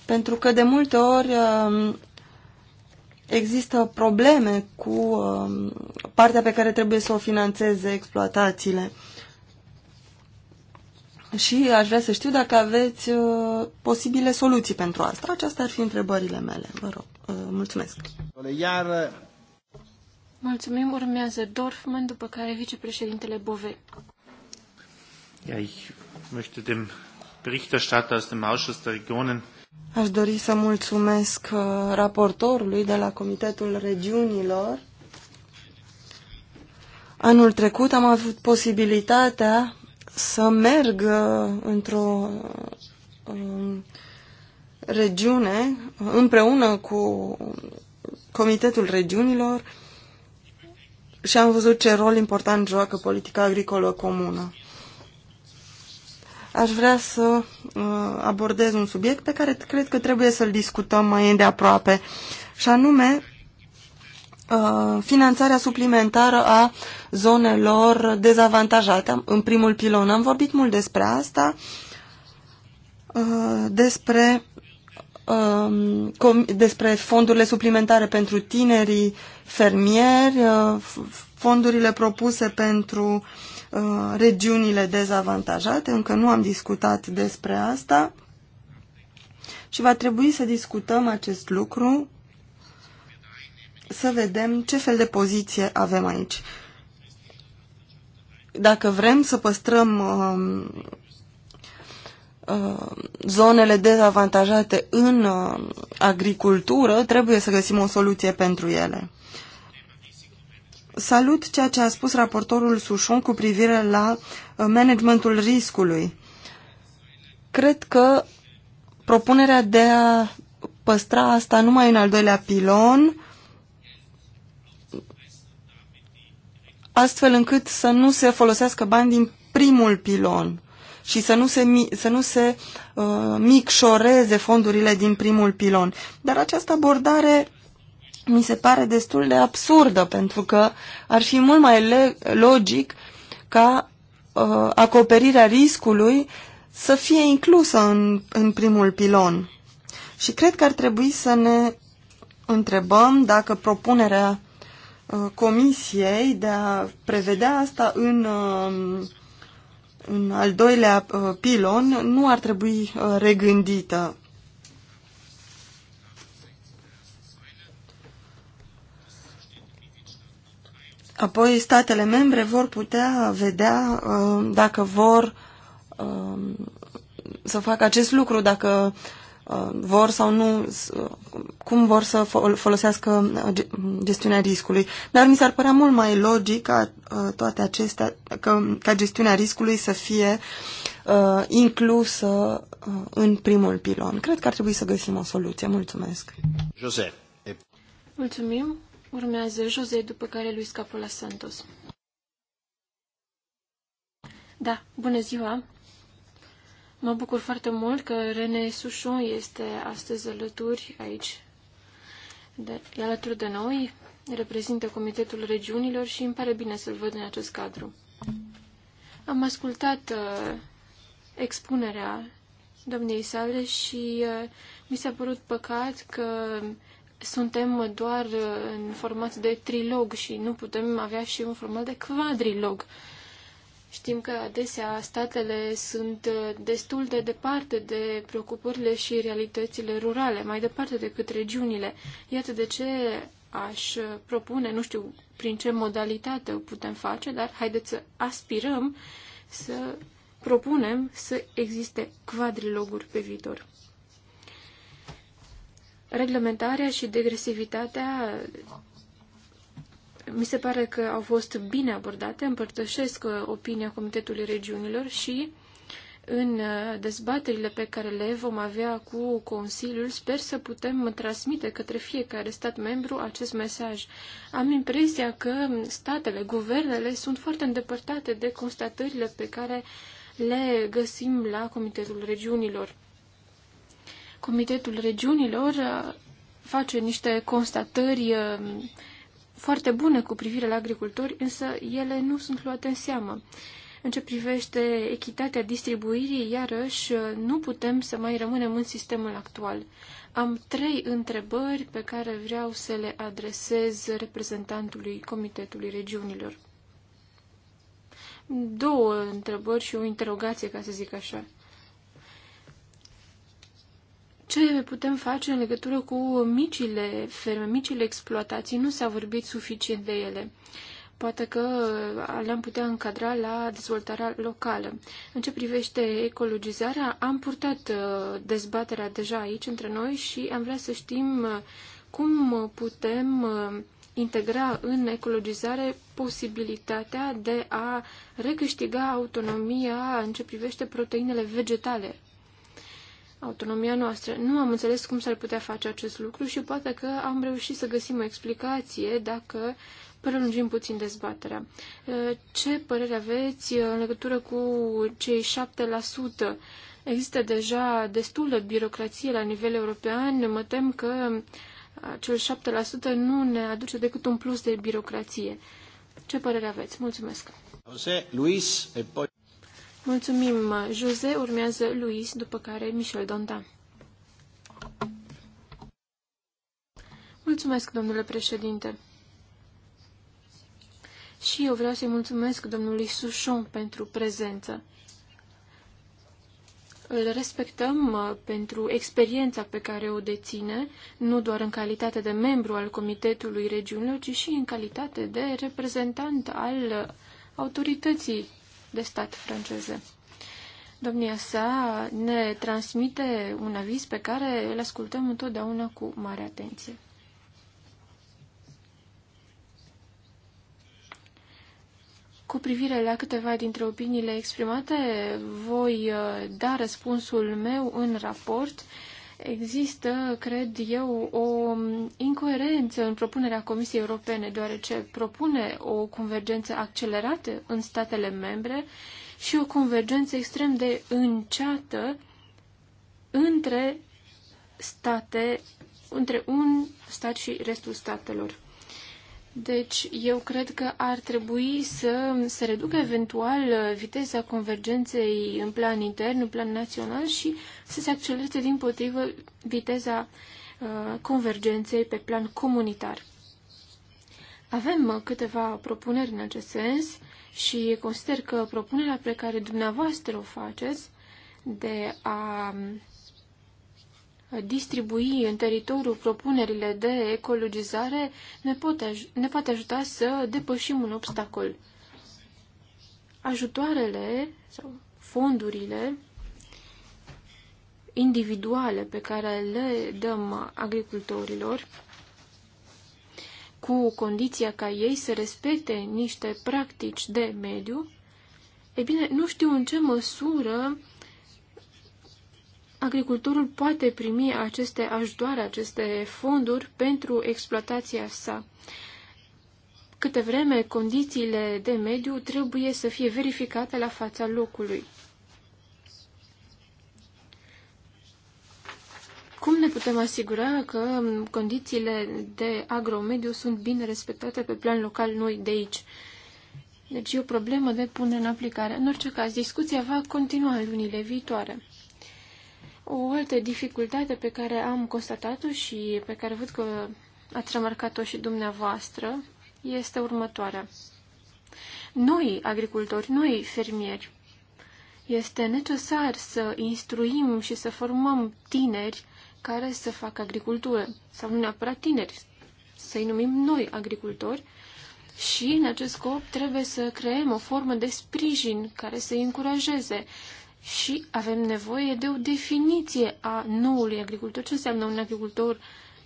Speaker 1: Pentru că de multe ori uh, există probleme cu um, partea pe care trebuie să o financeze exploatațiile. Și aș vrea să știu dacă aveți uh, posibile soluții pentru asta. Aceasta ar fi întrebările mele. Vă rog. Uh, mulțumesc. Iar... Uh,
Speaker 2: Mulțumim. Urmează Dorfman, după care vicepreședintele Bove.
Speaker 1: Ja, ich möchte dem
Speaker 2: Berichterstatter aus dem Ausschuss der Regionen
Speaker 1: Aș dori să mulțumesc uh, raportorului de la Comitetul Regiunilor. Anul trecut am avut posibilitatea să merg uh, într-o um, regiune împreună cu Comitetul Regiunilor și am văzut ce rol important joacă politica agricolă comună aș vrea să uh, abordez un subiect pe care cred că trebuie să-l discutăm mai îndeaproape, și anume uh, finanțarea suplimentară a zonelor dezavantajate. În primul pilon am vorbit mult despre asta, uh, despre, um, despre fondurile suplimentare pentru tinerii fermieri, fondurile propuse pentru uh, Uh, regiunile dezavantajate. Încă nu am discutat despre asta și va trebui să discutăm acest lucru, să vedem ce fel de poziție avem aici. Dacă vrem să păstrăm um, uh, zonele dezavantajate în uh, agricultură, trebuie să găsim o soluție pentru ele. Salut ceea ce a spus raportorul Sușon cu privire la uh, managementul riscului. Cred că propunerea de a păstra asta numai în al doilea pilon, astfel încât să nu se folosească bani din primul pilon și să nu se, să nu se uh, micșoreze fondurile din primul pilon. Dar această abordare mi se pare destul de absurdă, pentru că ar fi mult mai logic ca uh, acoperirea riscului să fie inclusă în, în primul pilon. Și cred că ar trebui să ne întrebăm dacă propunerea uh, Comisiei de a prevedea asta în, uh, în al doilea uh, pilon nu ar trebui uh, regândită Apoi statele membre vor putea vedea uh, dacă vor uh, să facă acest lucru, dacă uh, vor sau nu, cum vor să folosească gestiunea riscului. Dar mi s-ar părea mult mai logic ca toate acestea, că, ca gestiunea riscului să fie inclusă în primul pilon. Cred că ar trebui să găsim o soluție. Mulțumesc. Jose.
Speaker 2: Mulțumim. Urmează Jose, după care lui Scapola Santos. Da, bună ziua! Mă bucur foarte mult că René Sușon este astăzi alături aici, de, e alături de noi, reprezintă Comitetul Regiunilor și îmi pare bine să-l văd în acest cadru. Am ascultat uh, expunerea domniei sale și uh, mi s-a părut păcat că suntem doar uh, în format de trilog și nu putem avea și un format de quadrilog. Știm că adesea statele sunt uh, destul de departe de preocupările și realitățile rurale, mai departe decât regiunile. Iată de ce aș uh, propune, nu știu prin ce modalitate o putem face, dar haideți să aspirăm să propunem să existe quadriloguri pe viitor reglementarea și degresivitatea mi se pare că au fost bine abordate, împărtășesc uh, opinia Comitetului Regiunilor și în uh, dezbaterile pe care le vom avea cu Consiliul, sper să putem transmite către fiecare stat membru acest mesaj. Am impresia că statele, guvernele sunt foarte îndepărtate de constatările pe care le găsim la Comitetul Regiunilor. Comitetul Regiunilor uh, face niște constatări uh, foarte bune cu privire la agricultori, însă ele nu sunt luate în seamă. În ce privește echitatea distribuirii, iarăși, uh, nu putem să mai rămânem în sistemul actual. Am trei întrebări pe care vreau să le adresez reprezentantului Comitetului Regiunilor. Două întrebări și o interogație, ca să zic așa. Ce putem face în legătură cu micile ferme, micile exploatații? Nu s-a vorbit suficient de ele. Poate că le-am putea încadra la dezvoltarea locală. În ce privește ecologizarea, am purtat uh, dezbaterea deja aici între noi și am vrea să știm uh, cum putem uh, integra în ecologizare posibilitatea de a recâștiga autonomia în ce privește proteinele vegetale autonomia noastră. Nu am înțeles cum s-ar putea face acest lucru și poate că am reușit să găsim o explicație dacă prelungim puțin dezbaterea. Ce părere aveți în legătură cu cei 7%? Există deja destulă birocrație la nivel european. Mă tem că acel 7% nu ne aduce decât un plus de birocrație. Ce părere aveți? Mulțumesc! José, Luis, e poi... Mulțumim, Jose. Urmează Luis, după care Michel Donta. Mulțumesc, domnule președinte. Și eu vreau să-i mulțumesc domnului Sușon pentru prezență. Îl respectăm uh, pentru experiența pe care o deține, nu doar în calitate de membru al Comitetului Regiunilor, ci și în calitate de reprezentant al autorității de stat franceze. Domnia sa ne transmite un aviz pe care îl ascultăm întotdeauna cu mare atenție. Cu privire la câteva dintre opiniile exprimate, voi uh, da răspunsul meu în raport Există, cred eu, o incoerență în propunerea Comisiei Europene, deoarece propune o convergență accelerată în statele membre și o convergență extrem de înceată între state, între un stat și restul statelor. Deci, eu cred că ar trebui să se reducă eventual uh, viteza convergenței în plan intern, în plan național și să se accelereze din potrivă viteza uh, convergenței pe plan comunitar. Avem uh, câteva propuneri în acest sens și consider că propunerea pe care dumneavoastră o faceți de a um, distribui în teritoriu propunerile de ecologizare ne, poate, ne poate ajuta să depășim un obstacol. Ajutoarele sau fondurile individuale pe care le dăm agricultorilor cu condiția ca ei să respecte niște practici de mediu, e bine, nu știu în ce măsură agricultorul poate primi aceste ajutoare, aceste fonduri pentru exploatația sa. Câte vreme condițiile de mediu trebuie să fie verificate la fața locului. Cum ne putem asigura că condițiile de agromediu sunt bine respectate pe plan local noi de aici? Deci e o problemă de punere în aplicare. În orice caz, discuția va continua în lunile viitoare. O altă dificultate pe care am constatat-o și pe care văd că ați remarcat-o și dumneavoastră este următoarea. Noi, agricultori, noi, fermieri, este necesar să instruim și să formăm tineri care să facă agricultură, sau nu neapărat tineri, să-i numim noi agricultori, și în acest scop trebuie să creăm o formă de sprijin care să-i încurajeze, și avem nevoie de o definiție a noului agricultor. Ce înseamnă un agricultor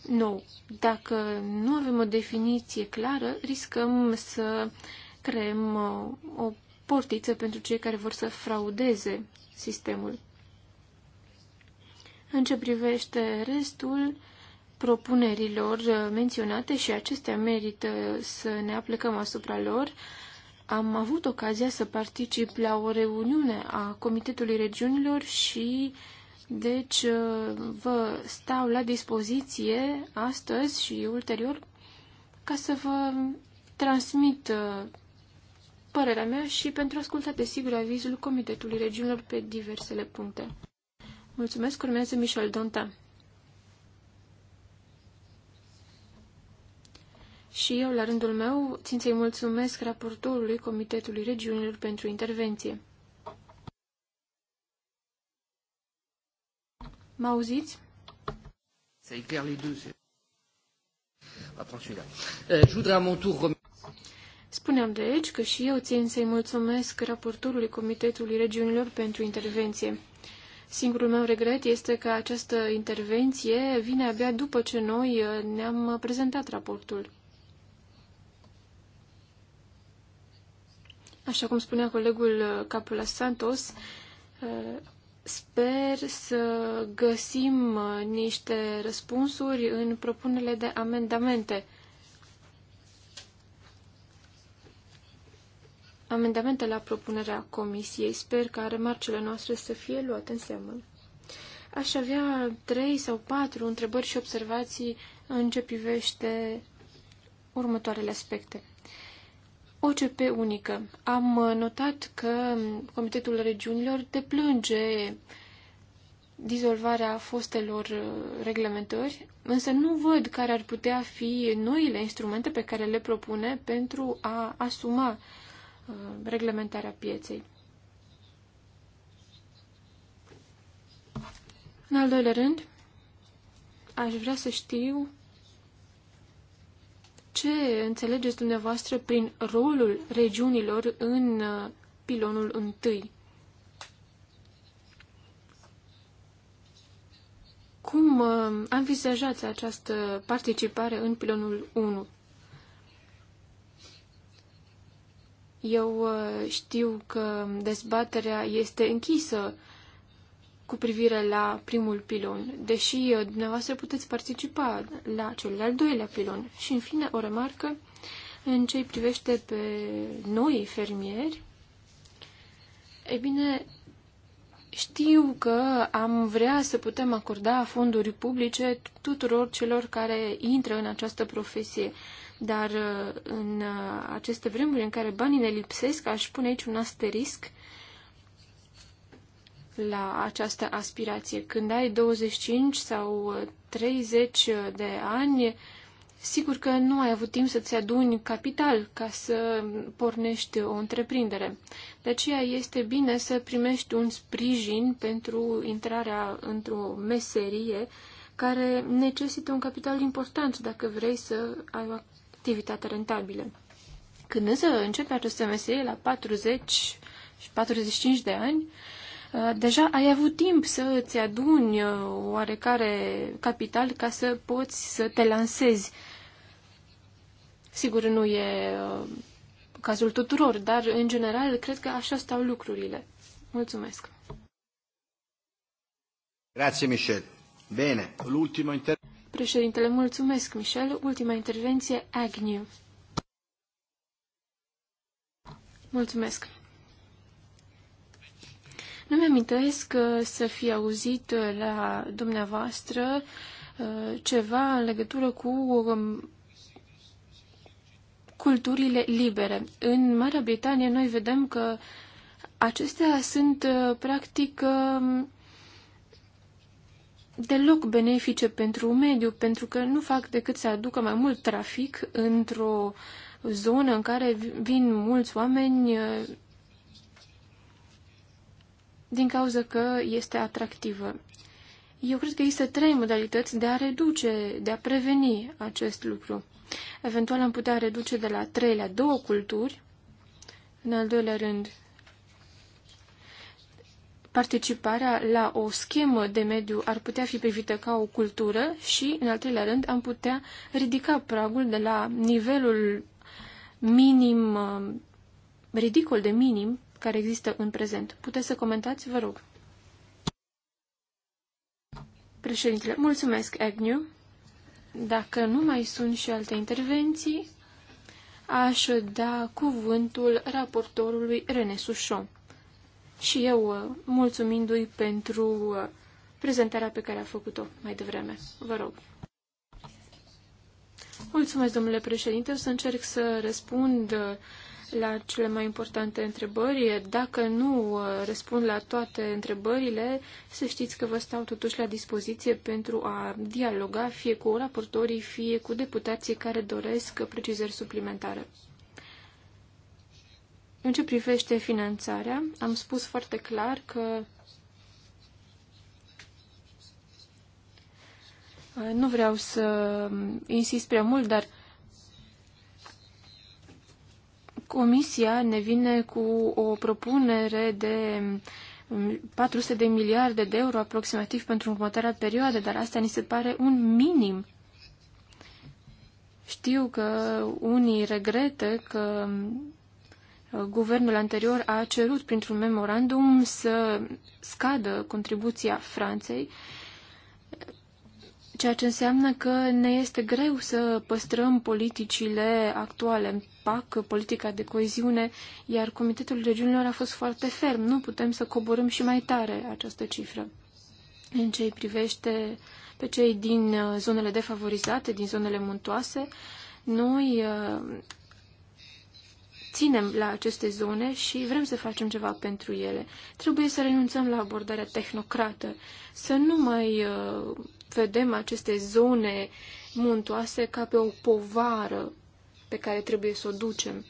Speaker 2: nou? Dacă nu avem o definiție clară, riscăm să creăm uh, o portiță pentru cei care vor să fraudeze sistemul. În ce privește restul propunerilor uh, menționate și acestea merită să ne aplicăm asupra lor, am avut ocazia să particip la o reuniune a Comitetului Regiunilor și deci vă stau la dispoziție astăzi și ulterior ca să vă transmit uh, părerea mea și pentru a asculta, desigur, avizul Comitetului Regiunilor pe diversele puncte. Mulțumesc, urmează Michel Donta. Și eu, la rândul meu, țin să-i mulțumesc raportorului Comitetului Regiunilor pentru intervenție. Mă auziți? Ah, euh, Spuneam de aici că și eu țin să-i mulțumesc raportorului Comitetului Regiunilor pentru intervenție. Singurul meu regret este că această intervenție vine abia după ce noi uh, ne-am prezentat raportul. Așa cum spunea colegul uh, Capula Santos, uh, sper să găsim uh, niște răspunsuri în propunerile de amendamente. Amendamente la propunerea comisiei. Sper ca remarcele noastre să fie luate în seamă. Aș avea trei sau patru întrebări și observații în ce privește următoarele aspecte. OCP unică. Am uh, notat că Comitetul Regiunilor deplânge dizolvarea fostelor uh, reglementări, însă nu văd care ar putea fi noile instrumente pe care le propune pentru a asuma uh, reglementarea pieței. În al doilea rând, aș vrea să știu ce înțelegeți dumneavoastră prin rolul regiunilor în uh, pilonul întâi? Cum uh, anvisajați această participare în pilonul 1? Eu uh, știu că dezbaterea este închisă cu privire la primul pilon, deși uh, dumneavoastră puteți participa la cel de-al doilea pilon. Și, în fine, o remarcă în ce privește pe noi fermieri. E bine, știu că am vrea să putem acorda fonduri publice tuturor celor care intră în această profesie, dar uh, în uh, aceste vremuri în care banii ne lipsesc, aș pune aici un asterisc la această aspirație. Când ai 25 sau 30 de ani, sigur că nu ai avut timp să-ți aduni capital ca să pornești o întreprindere. De aceea este bine să primești un sprijin pentru intrarea într-o meserie care necesită un capital important dacă vrei să ai o activitate rentabilă. Când însă începi această meserie la 40 și 45 de ani, Uh, deja ai avut timp să îți aduni uh, oarecare capital ca să poți să te lansezi. Sigur, nu e uh, cazul tuturor, dar în general cred că așa stau lucrurile. Mulțumesc.
Speaker 3: Grazie, Michel. Bine, L'ultima inter...
Speaker 2: Președintele, mulțumesc, Michel. Ultima intervenție, Agnew. Mulțumesc. Nu mi-amintesc uh, să fi auzit uh, la dumneavoastră uh, ceva în legătură cu um, culturile libere. În Marea Britanie noi vedem că acestea sunt practic um, deloc benefice pentru mediu, pentru că nu fac decât să aducă mai mult trafic într-o zonă în care vin mulți oameni din cauza că este atractivă. Eu cred că există trei modalități de a reduce, de a preveni acest lucru. Eventual am putea reduce de la trei la două culturi. În al doilea rând, participarea la o schemă de mediu ar putea fi privită ca o cultură și, în al treilea rând, am putea ridica pragul de la nivelul minim, uh, ridicol de minim, care există în prezent. Puteți să comentați, vă rog. Președintele, mulțumesc, Agnew. Dacă nu mai sunt și alte intervenții, aș da cuvântul raportorului René Sușon. Și eu, uh, mulțumindu-i pentru uh, prezentarea pe care a făcut-o mai devreme. Vă rog. Mulțumesc, domnule președinte. O să încerc să răspund uh, la cele mai importante întrebări. Dacă nu uh, răspund la toate întrebările, să știți că vă stau totuși la dispoziție pentru a dialoga fie cu raportorii, fie cu deputații care doresc precizări suplimentare. În ce privește finanțarea, am spus foarte clar că uh, nu vreau să insist prea mult, dar Comisia ne vine cu o propunere de 400 um, de miliarde de euro aproximativ pentru următoarea perioadă, dar asta ni se pare un minim. Știu că unii regretă că um, guvernul anterior a cerut printr-un memorandum să scadă contribuția Franței Ceea ce înseamnă că ne este greu să păstrăm politicile actuale, PAC, politica de coeziune, iar Comitetul Regiunilor a fost foarte ferm. Nu putem să coborâm și mai tare această cifră. În ce privește pe cei din uh, zonele defavorizate, din zonele muntoase, noi uh, ținem la aceste zone și vrem să facem ceva pentru ele. Trebuie să renunțăm la abordarea tehnocrată, să nu mai uh, vedem aceste zone muntoase ca pe o povară pe care trebuie să o ducem.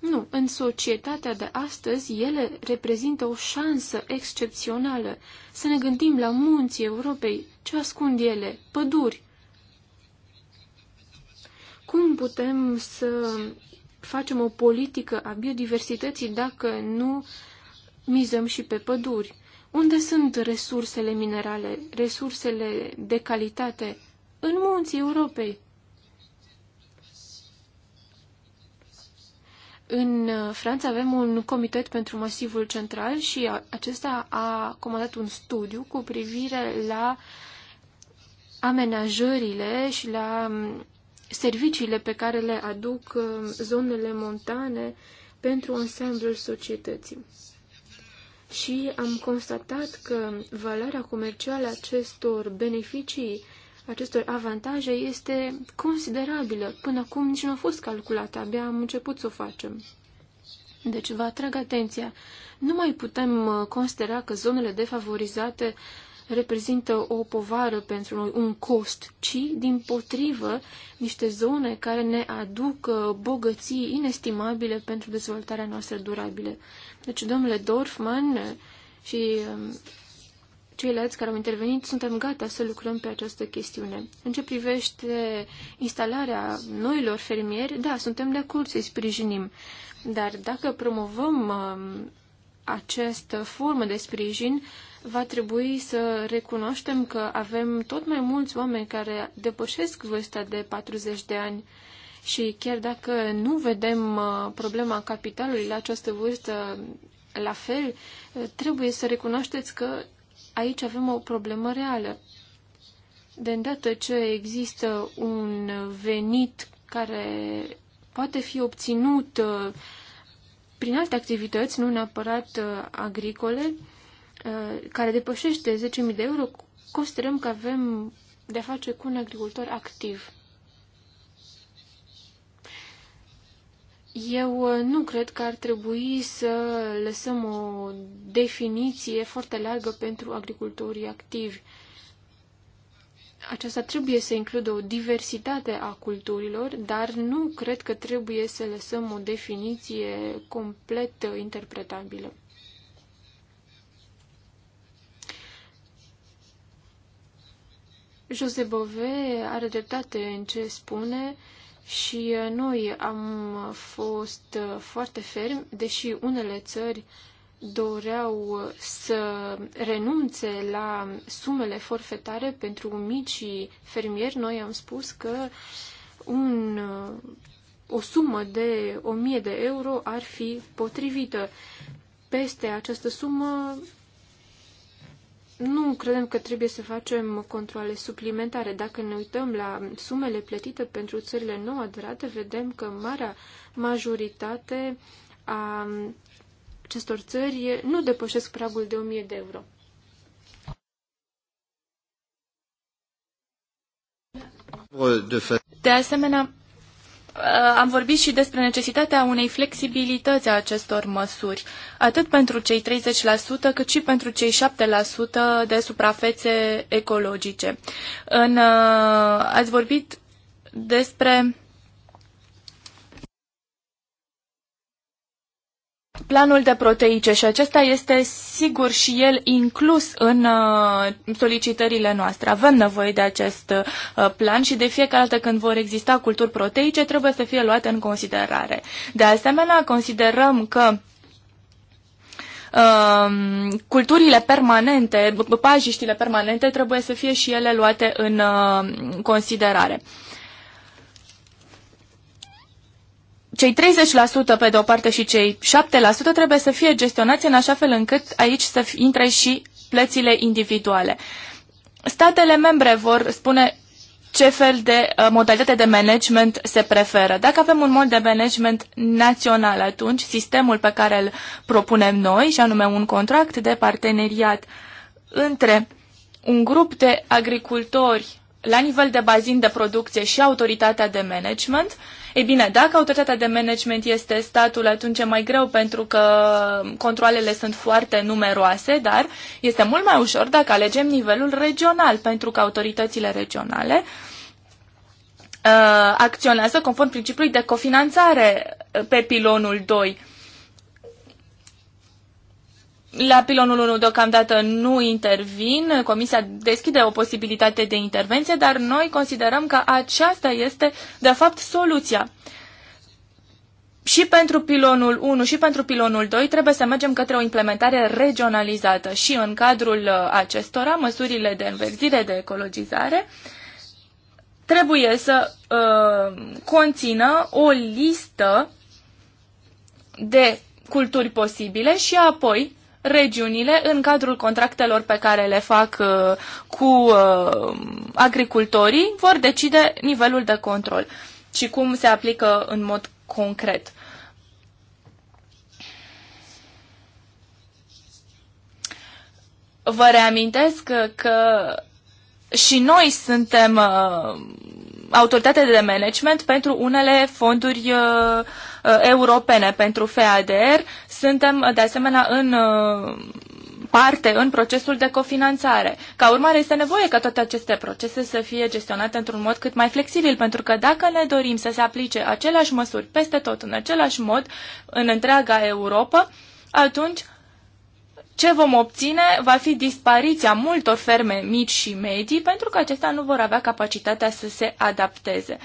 Speaker 2: Nu, în societatea de astăzi, ele reprezintă o șansă excepțională. Să ne gândim la munții Europei, ce ascund ele, păduri. Cum putem să facem o politică a biodiversității dacă nu mizăm și pe păduri? Unde sunt resursele minerale, resursele de calitate? În munții Europei. În uh, Franța avem un comitet pentru masivul central și acesta a comandat un studiu cu privire la amenajările și la um, serviciile pe care le aduc um, zonele montane pentru ansamblul societății și am constatat că valoarea comercială a acestor beneficii, acestor avantaje, este considerabilă. Până acum nici nu a fost calculată, abia am început să o facem. Deci vă atrag atenția. Nu mai putem uh, considera că zonele defavorizate reprezintă o povară pentru noi, un cost, ci, din potrivă, niște zone care ne aduc uh, bogății inestimabile pentru dezvoltarea noastră durabilă. Deci, domnule Dorfman și um, ceilalți care au intervenit, suntem gata să lucrăm pe această chestiune. În ce privește instalarea noilor fermieri, da, suntem de acord să-i sprijinim. Dar dacă promovăm um, această formă de sprijin, va trebui să recunoaștem că avem tot mai mulți oameni care depășesc vârsta de 40 de ani și chiar dacă nu vedem uh, problema capitalului la această vârstă la fel, uh, trebuie să recunoașteți că aici avem o problemă reală. De îndată ce există un venit care poate fi obținut uh, prin alte activități, nu neapărat agricole, care depășește 10.000 de euro, considerăm că avem de-a face cu un agricultor activ. Eu uh, nu cred că ar trebui să lăsăm o definiție foarte largă pentru agricultorii activi. Aceasta trebuie să includă o diversitate a culturilor, dar nu cred că trebuie să lăsăm o definiție complet interpretabilă. Jose Bové are dreptate în ce spune uh, și uh, noi am fost uh, foarte fermi, deși unele țări doreau uh, să renunțe la sumele forfetare pentru micii fermieri, noi am spus că un, o sumă de 1000 de euro ar fi potrivită. Peste această sumă nu credem că trebuie să facem controle suplimentare. Dacă ne uităm la sumele plătite pentru țările nou aderate, vedem că marea majoritate a acestor țări nu depășesc pragul de 1000 de euro. De
Speaker 3: asemenea, Uh, am vorbit și despre necesitatea unei flexibilități a acestor măsuri, atât pentru cei 30%, cât și pentru cei 7% de suprafețe ecologice. În, uh, ați vorbit despre planul de proteice și acesta este sigur și el inclus în uh, solicitările noastre. Avem nevoie de acest uh, plan și de fiecare dată când vor exista culturi proteice trebuie să fie luate în considerare. De asemenea, considerăm că um, culturile permanente, pajiștile permanente trebuie să fie și ele luate în uh, considerare. cei 30% pe de-o parte și cei 7% trebuie să fie gestionați în așa fel încât aici să intre și plățile individuale. Statele membre vor spune ce fel de uh, modalitate de management se preferă. Dacă avem un mod de management național, atunci sistemul pe care îl propunem noi, și anume un contract de parteneriat între un grup de agricultori la nivel de bazin de producție și autoritatea de management, uh, ei bine, dacă autoritatea de management este statul, atunci e mai greu pentru că controlele sunt foarte numeroase, dar este mult mai ușor dacă alegem nivelul regional, pentru că autoritățile regionale uh, acționează conform principiului de cofinanțare uh, pe pilonul 2 la pilonul 1 deocamdată nu intervin, Comisia deschide o posibilitate de intervenție, dar noi considerăm că aceasta este, de fapt, soluția. Și pentru pilonul 1 și pentru pilonul 2 trebuie să mergem către o implementare regionalizată și în cadrul acestora măsurile de înverzire, de ecologizare, trebuie să uh, conțină o listă de culturi posibile și apoi regiunile în cadrul contractelor pe care le fac uh, cu uh, agricultorii vor decide nivelul de control și cum se aplică în mod concret. Vă reamintesc că și noi suntem uh, autoritate de management pentru unele fonduri europene, pentru FADR suntem, de asemenea, în uh, parte în procesul de cofinanțare. Ca urmare, este nevoie ca toate aceste procese să fie gestionate într-un mod cât mai flexibil, pentru că dacă ne dorim să se aplice aceleași măsuri peste tot, în același mod, în întreaga Europa, atunci ce vom obține va fi dispariția multor ferme mici și medii, pentru că acestea nu vor avea capacitatea să se adapteze.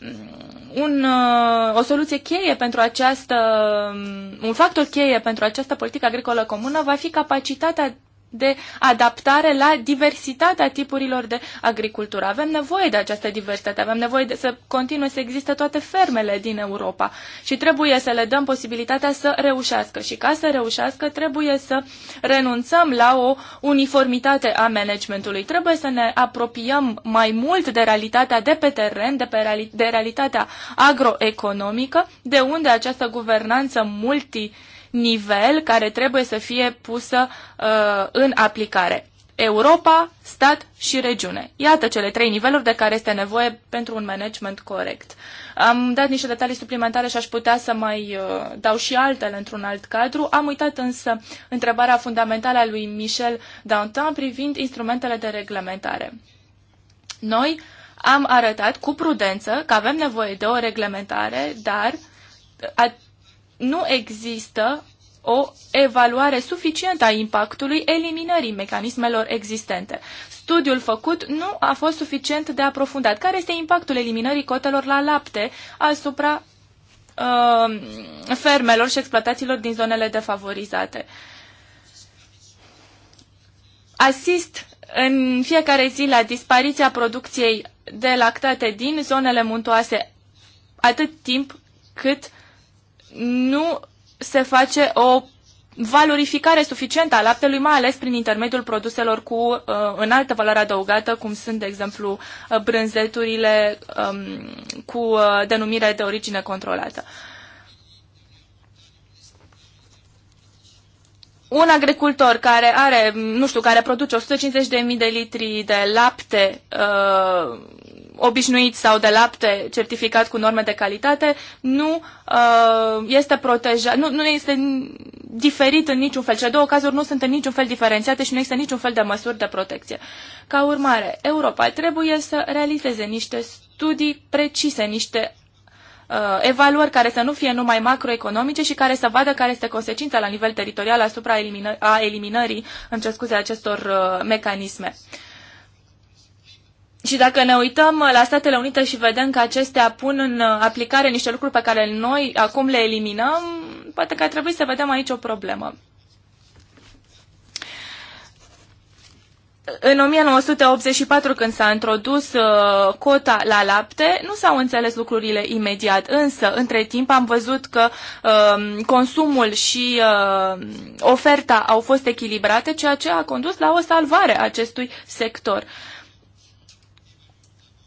Speaker 3: Mm, un, uh, o soluție cheie pentru această, mm, un factor cheie pentru această politică agricolă comună va fi capacitatea de adaptare la diversitatea tipurilor de agricultură. Avem nevoie de această diversitate, avem nevoie de să continue să existe toate fermele din Europa și trebuie să le dăm posibilitatea să reușească. Și ca să reușească, trebuie să renunțăm la o uniformitate a managementului. Trebuie să ne apropiem mai mult de realitatea de pe teren, de, pe reali- de realitatea agroeconomică, de unde această guvernanță multi- nivel care trebuie să fie pusă uh, în aplicare. Europa, stat și regiune. Iată cele trei niveluri de care este nevoie pentru un management corect. Am dat niște detalii suplimentare și aș putea să mai uh, dau și altele într-un alt cadru. Am uitat însă întrebarea fundamentală a lui Michel Dantin privind instrumentele de reglementare. Noi am arătat cu prudență că avem nevoie de o reglementare, dar nu există o evaluare suficientă a impactului eliminării mecanismelor existente. Studiul făcut nu a fost suficient de aprofundat. Care este impactul eliminării cotelor la lapte asupra uh, fermelor și exploatațiilor din zonele defavorizate? Asist în fiecare zi la dispariția producției de lactate din zonele muntoase atât timp cât uh, nu se face o valorificare suficientă a laptelui, mai ales prin intermediul produselor cu uh, înaltă valoare adăugată, cum sunt, de exemplu, uh, brânzeturile um, cu uh, denumire de origine controlată. Uh, un agricultor care are, nu știu, care produce 150.000 de litri de lapte uh, obișnuit sau de lapte certificat cu norme de calitate, nu uh, este protejat, nu, nu este diferit în niciun fel. Cele două cazuri nu sunt în niciun fel diferențiate și nu există niciun fel de măsuri de protecție. Ca urmare, Europa trebuie să realizeze niște studii precise, niște uh, evaluări care să nu fie numai macroeconomice și care să vadă care este consecința la nivel teritorial asupra elimină- a eliminării, îmi cer scuze, acestor uh, mecanisme. Și dacă ne uităm la Statele Unite și vedem că acestea pun în uh, aplicare niște lucruri pe care noi acum le eliminăm, poate că ar trebui să vedem aici o problemă. în 1984, când s-a introdus uh, cota la lapte, nu s-au înțeles lucrurile imediat, însă, între timp, am văzut că uh, consumul și uh, oferta au fost echilibrate, ceea ce a condus la o salvare a acestui sector.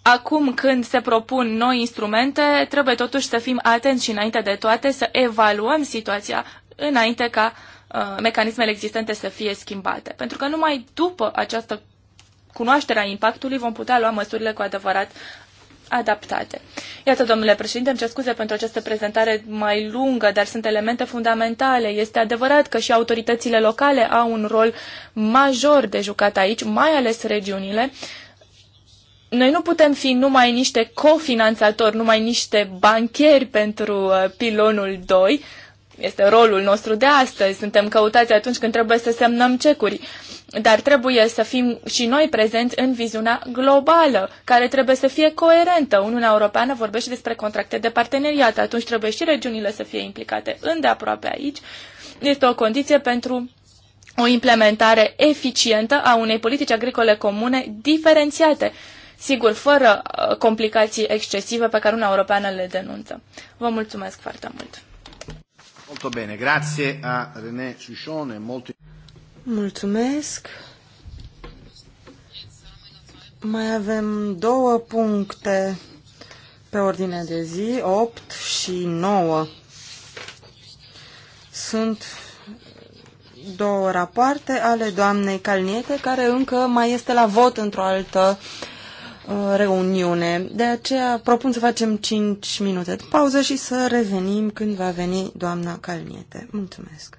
Speaker 3: Acum, când se propun noi instrumente, trebuie totuși să fim atenți și, înainte de toate, să evaluăm situația înainte ca uh, Uh, mecanismele existente să fie schimbate. Pentru că numai după această cunoaștere a impactului vom putea lua măsurile cu adevărat adaptate. Iată, domnule președinte, îmi cer scuze pentru această prezentare mai lungă, dar sunt elemente fundamentale. Este adevărat că și autoritățile locale au un rol major de jucat aici, mai ales regiunile. Noi nu putem fi numai niște cofinanțatori, numai niște bancheri pentru uh, pilonul 2, este rolul nostru de astăzi. Suntem căutați atunci când trebuie să semnăm cecuri. Dar trebuie să fim și noi prezenți în viziunea globală, care trebuie să fie coerentă. Uniunea Europeană vorbește despre contracte de parteneriat. Atunci trebuie și regiunile să fie implicate îndeaproape aici. Este o condiție pentru o implementare eficientă a unei politici agricole comune diferențiate, sigur, fără uh, complicații excesive pe care Uniunea Europeană le denunță. Vă mulțumesc foarte mult!
Speaker 2: Molto bene, grazie a René Sucione. Molto...
Speaker 1: Mulțumesc. Mai avem două puncte pe ordine de zi, 8 și 9. Sunt două rapoarte ale doamnei Calniete, care încă mai este la vot într-o altă uh, Uh, reuniune. De aceea propun să facem 5 minute de pauză și să revenim când va veni doamna Calniete. Mulțumesc!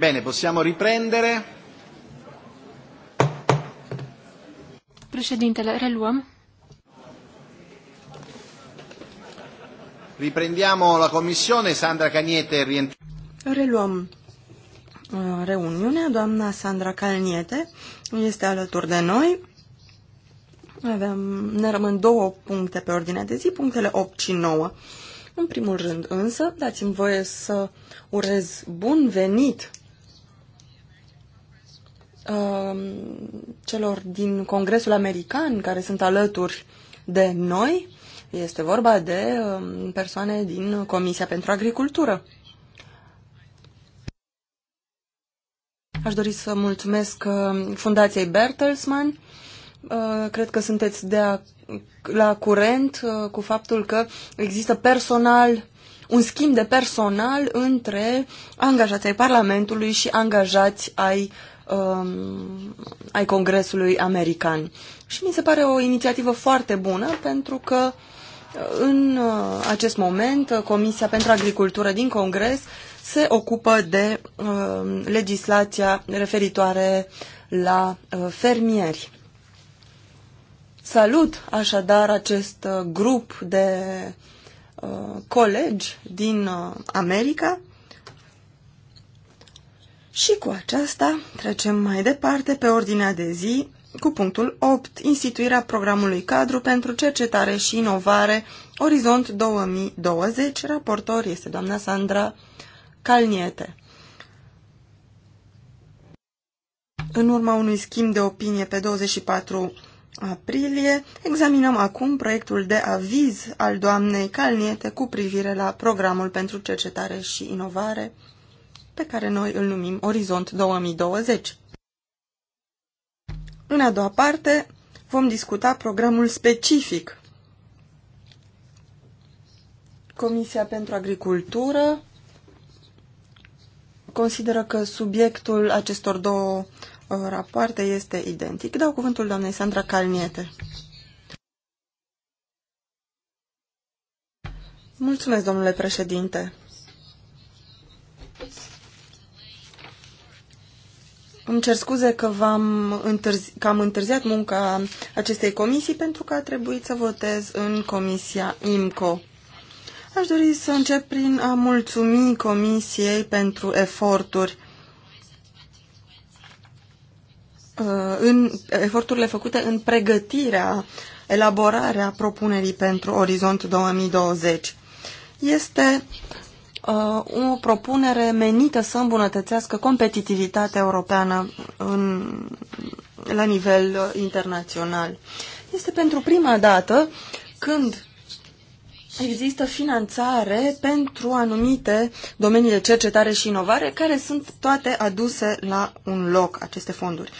Speaker 3: Bene, possiamo riprendere.
Speaker 2: Președintele, reluăm.
Speaker 3: Riprendiamo la commissione, Sandra Caniete rientra.
Speaker 1: Reluăm uh, reuniunea, doamna Sandra Calniete este alături de noi. Avem, ne rămân două puncte pe ordinea de zi, punctele 8 și 9. În primul rând însă, dați-mi voie să urez bun venit Um, celor din Congresul American care sunt alături de noi. Este vorba de um, persoane din Comisia pentru Agricultură. Aș dori să mulțumesc um, Fundației Bertelsmann. Uh, cred că sunteți de a, la curent uh, cu faptul că există personal un schimb de personal între angajații ai Parlamentului și angajați ai um, ai Congresului American. Și mi se pare o inițiativă foarte bună pentru că uh, în uh, acest moment uh, Comisia pentru Agricultură din Congres se ocupă de uh, legislația referitoare la uh, fermieri. Salut așadar acest uh, grup de colegi din America și cu aceasta trecem mai departe pe ordinea de zi cu punctul 8, instituirea programului cadru pentru cercetare și inovare Orizont 2020. Raportor este doamna Sandra Calniete. În urma unui schimb de opinie pe 24 aprilie, examinăm acum proiectul de aviz al doamnei Calniete cu privire la programul pentru cercetare și inovare pe care noi îl numim Orizont 2020. În a doua parte vom discuta programul specific. Comisia pentru Agricultură consideră că subiectul acestor două uh, rapoarte este identic. Dau cuvântul doamnei Sandra Calniete. Mulțumesc, domnule președinte. Îmi cer scuze că, am întârzi, că am întârziat munca acestei comisii pentru că a trebuit să votez în comisia IMCO. Aș dori să încep prin a mulțumi comisiei pentru eforturi. Uh, în eforturile făcute în pregătirea, elaborarea propunerii pentru Orizont 2020. Este Uh, o propunere menită să îmbunătățească competitivitatea europeană în, la nivel uh, internațional. Este pentru prima dată când există finanțare pentru anumite domenii de cercetare și inovare care sunt toate aduse la un loc, aceste fonduri.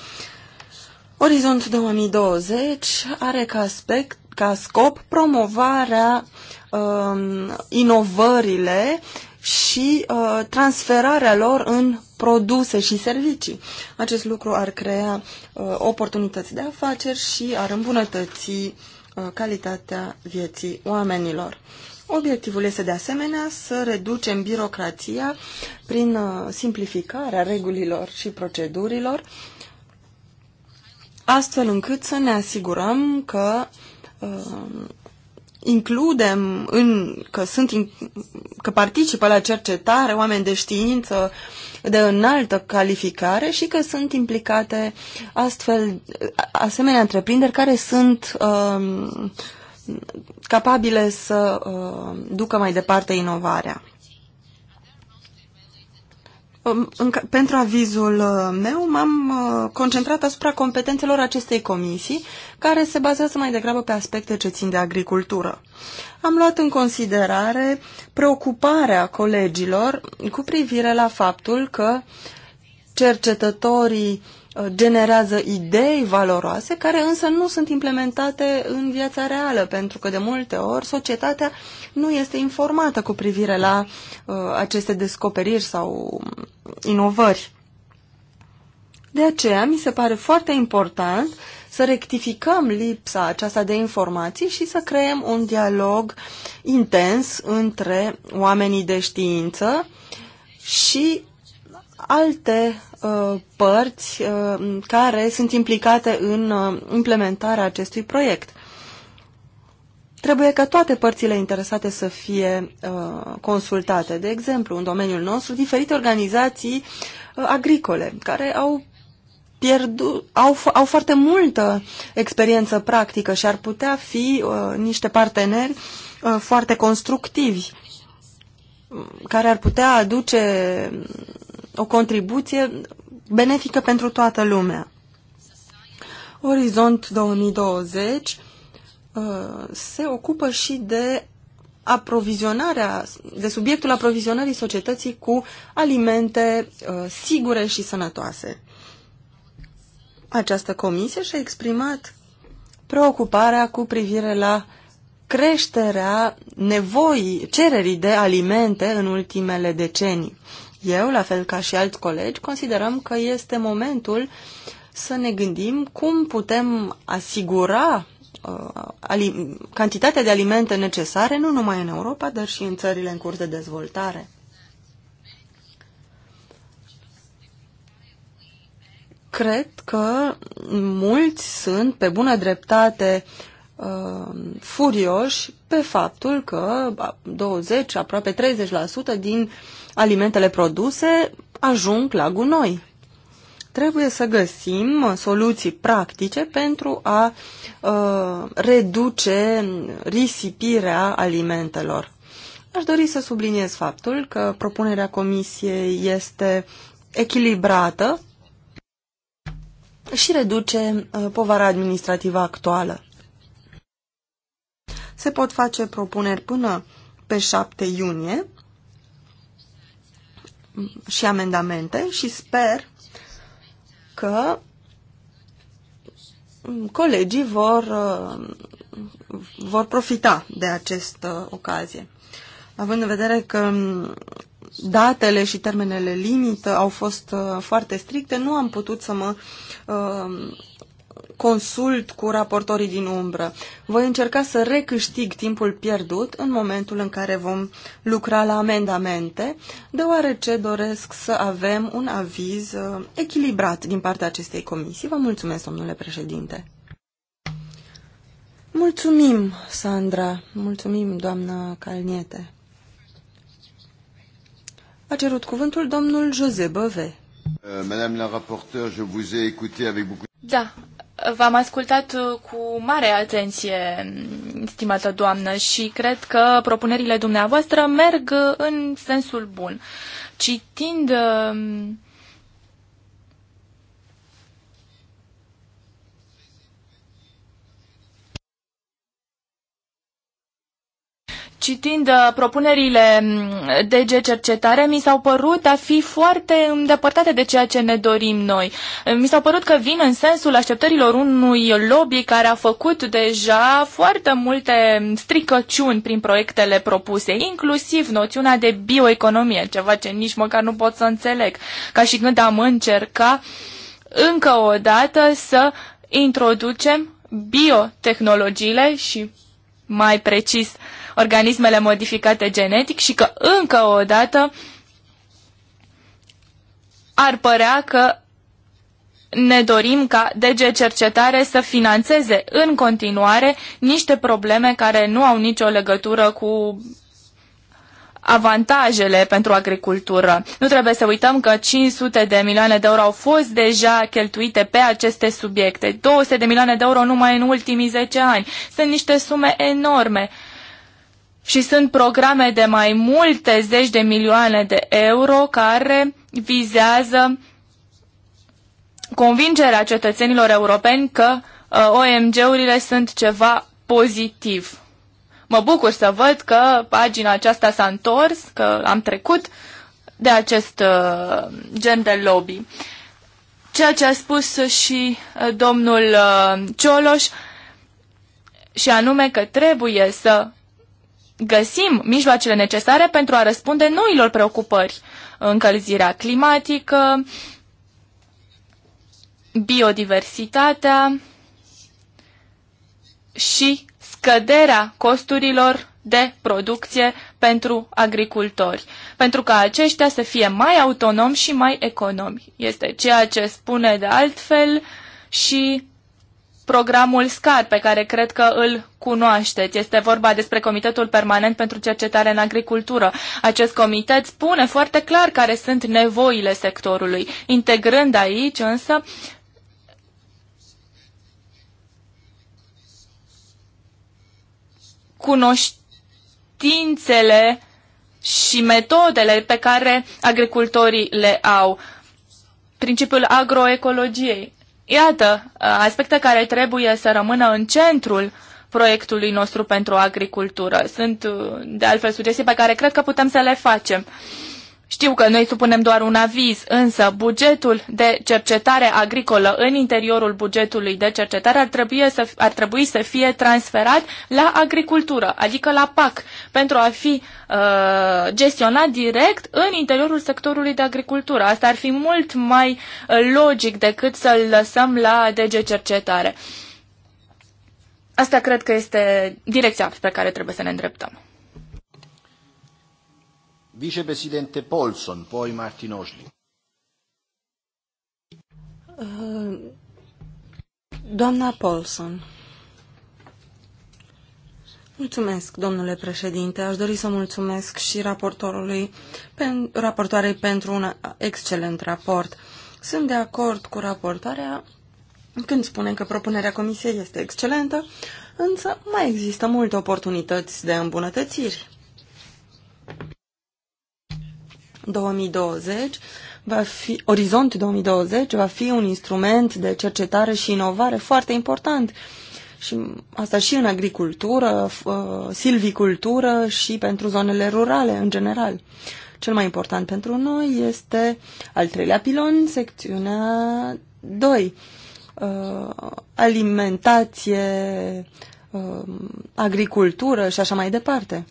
Speaker 1: Orizont 2020 are ca aspect, ca scop promovarea um, inovările și uh, transferarea lor în produse și servicii. Acest lucru ar crea uh, oportunități de afaceri și ar îmbunătăți uh, calitatea vieții oamenilor. Obiectivul este de asemenea să reducem birocrația prin uh, simplificarea regulilor și procedurilor, astfel încât să ne asigurăm că uh, includem în, că, sunt, că participă la cercetare oameni de știință de înaltă calificare și că sunt implicate astfel, asemenea întreprinderi care sunt um, capabile să uh, ducă mai departe inovarea pentru avizul uh, meu m-am uh, concentrat asupra competențelor acestei comisii, care se bazează mai degrabă pe aspecte ce țin de agricultură. Am luat în considerare preocuparea colegilor cu privire la faptul că cercetătorii uh, Uh, generează idei valoroase care însă nu sunt implementate în viața reală, pentru că de multe ori societatea nu este informată cu privire la uh, aceste descoperiri sau inovări. De aceea mi se pare foarte important să rectificăm lipsa aceasta de informații și să creăm un dialog intens între oamenii de știință și alte Uh, părți uh, care sunt implicate în uh, implementarea acestui proiect. Trebuie ca toate părțile interesate să fie consultate. De exemplu, în domeniul nostru, diferite organizații agricole care au pierdu, au, au foarte multă experiență practică și ar putea fi uh, niște parteneri uh, foarte constructivi care ar putea aduce o contribuție benefică pentru toată lumea. Orizont 2020 uh, se ocupă și de aprovizionarea, de subiectul aprovizionării societății cu alimente uh, sigure și sănătoase. Această comisie și-a exprimat preocuparea cu privire la creșterea nevoii, cererii de alimente în ultimele decenii. Eu, la fel ca și alți colegi, considerăm că este momentul să ne gândim cum putem asigura uh, cantitatea de alimente necesare, nu numai în Europa, dar și în țările în curs de dezvoltare. Cred că mulți sunt pe bună dreptate uh, furioși pe faptul că 20, aproape 30% din uh, alimentele produse ajung la gunoi. Trebuie să găsim soluții practice pentru a uh, reduce risipirea alimentelor. Aș dori să subliniez faptul că propunerea comisiei este echilibrată și reduce uh, povara administrativă actuală. Se pot face propuneri până pe 7 iunie și amendamente și sper că colegii vor, uh, vor profita de această ocazie. Având în vedere că datele și termenele limită au fost uh, foarte stricte, nu am putut să mă uh, consult cu raportorii din umbră. Voi încerca să recâștig timpul pierdut în momentul în care vom lucra la amendamente, deoarece doresc să avem un aviz uh, echilibrat din partea acestei comisii. Vă mulțumesc, domnule președinte. Mulțumim, Sandra. Mulțumim, doamnă Calniete. A cerut cuvântul domnul Jose Băve.
Speaker 3: Euh, madame la rapporteure, je vous ai écouté avec beaucoup...
Speaker 1: Da, V-am ascultat
Speaker 3: uh, cu mare atenție, stimată doamnă, și cred că propunerile dumneavoastră merg uh, în sensul bun. Citind uh, citind uh, propunerile mm, de Cercetare, mi s-au părut a fi foarte îndepărtate de ceea ce ne dorim noi. Uh, mi s-au părut că vin în sensul așteptărilor unui lobby care a făcut deja foarte multe stricăciuni prin proiectele propuse, inclusiv noțiunea de bioeconomie, ceva ce nici măcar nu pot să înțeleg, ca și când am încerca încă o dată să introducem biotehnologiile și mai precis uh, organismele modificate genetic și că încă o dată ar părea că ne dorim ca DG Cercetare să financeze în continuare niște probleme care nu au nicio legătură cu avantajele pentru agricultură. Nu trebuie să uităm că 500 de milioane de euro au fost deja cheltuite pe aceste subiecte, 200 de milioane de euro numai în ultimii 10 ani. Sunt niște sume enorme și sunt programe de mai multe zeci de milioane de euro care vizează convingerea cetățenilor europeni că uh, OMG-urile sunt ceva pozitiv. Mă bucur să văd că pagina aceasta s-a întors, că am trecut de acest uh, gen de lobby. Ceea ce a spus și uh, domnul uh, Cioloș, și anume că trebuie să găsim mijloacele necesare pentru a răspunde noilor preocupări, încălzirea climatică, biodiversitatea și scăderea costurilor de producție pentru agricultori, pentru ca aceștia să fie mai autonomi și mai economi. Este ceea ce spune de altfel și programul SCAR, pe care cred că îl cunoașteți. Este vorba despre Comitetul Permanent pentru Cercetare în Agricultură. Acest comitet spune foarte clar care sunt nevoile sectorului, integrând aici însă cunoștințele și metodele pe care agricultorii le au. Principiul agroecologiei. Iată uh, aspecte care trebuie să rămână în centrul proiectului nostru pentru agricultură. Sunt, uh, de altfel, sugestii pe care cred că putem să le facem. Uh, știu că noi supunem doar un aviz, însă bugetul de cercetare agricolă în interiorul bugetului de cercetare ar trebui să, ar trebui să fie transferat la agricultură, adică la PAC, pentru a fi uh, gestionat direct în interiorul sectorului de agricultură. Asta ar fi mult mai uh, logic decât să-l lăsăm la DG Cercetare. Asta cred că este direcția pe care trebuie să ne îndreptăm.
Speaker 1: Vicepresidente Paulson, poi Martin Osling. Uh, doamna Paulson. Mulțumesc, domnule președinte. Aș dori să mulțumesc și raportorului, pen, raportoarei pentru un excelent raport. Sunt de acord cu raportarea când spune că propunerea comisiei este excelentă, însă mai există multe oportunități de îmbunătățiri. 2020 va fi, Orizont 2020 va fi un instrument de cercetare și inovare foarte important. Și asta și în agricultură, uh, silvicultură și pentru zonele rurale în general. Cel mai important pentru noi este al treilea pilon, secțiunea 2. Uh, alimentație, uh, agricultură și așa mai departe.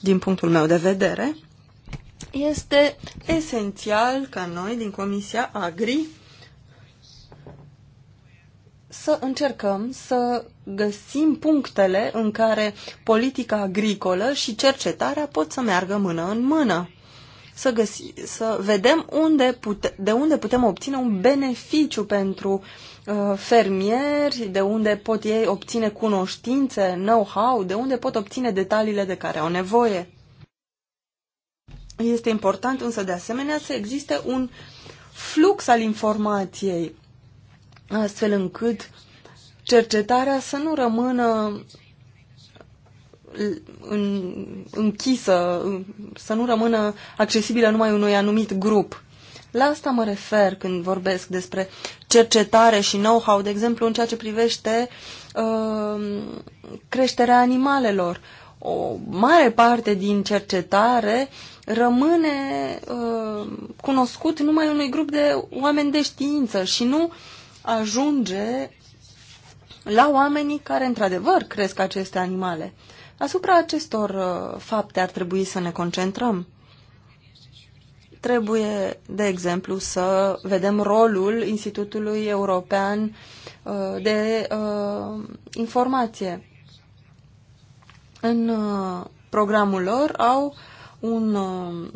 Speaker 1: Din punctul meu de vedere, este esențial ca noi din Comisia Agri să încercăm să găsim punctele în care politica agricolă și cercetarea pot să meargă mână în mână. Să, găsi, să vedem unde pute, de unde putem obține un beneficiu pentru uh, fermieri, de unde pot ei obține cunoștințe, know-how, de unde pot obține detaliile de care au nevoie. Este important însă de asemenea să existe un flux al informației, astfel încât cercetarea să nu rămână în, închisă, să nu rămână accesibilă numai unui anumit grup. La asta mă refer când vorbesc despre cercetare și know-how, de exemplu, în ceea ce privește uh, creșterea animalelor. O mare parte din cercetare uh, rămâne uh, cunoscut numai unui grup de oameni de știință și nu ajunge la oamenii care într-adevăr cresc aceste animale. Asupra acestor uh, fapte ar trebui să ne concentrăm. Trebuie, de exemplu, să vedem rolul Institutului European uh, de uh, Informație. În uh, programul lor au uh, un, uh,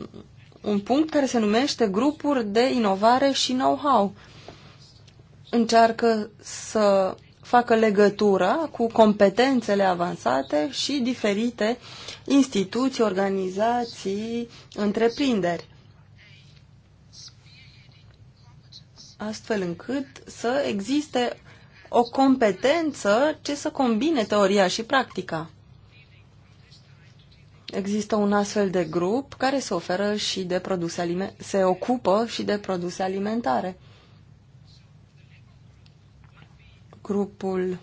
Speaker 1: un punct care se numește grupuri de inovare și know-how. Încearcă să facă legătura cu competențele avansate și diferite instituții, organizații, întreprinderi. Astfel încât să existe o competență ce să combine teoria și practica există un astfel de grup care se oferă și de produse alime- se ocupă și de produse alimentare. Grupul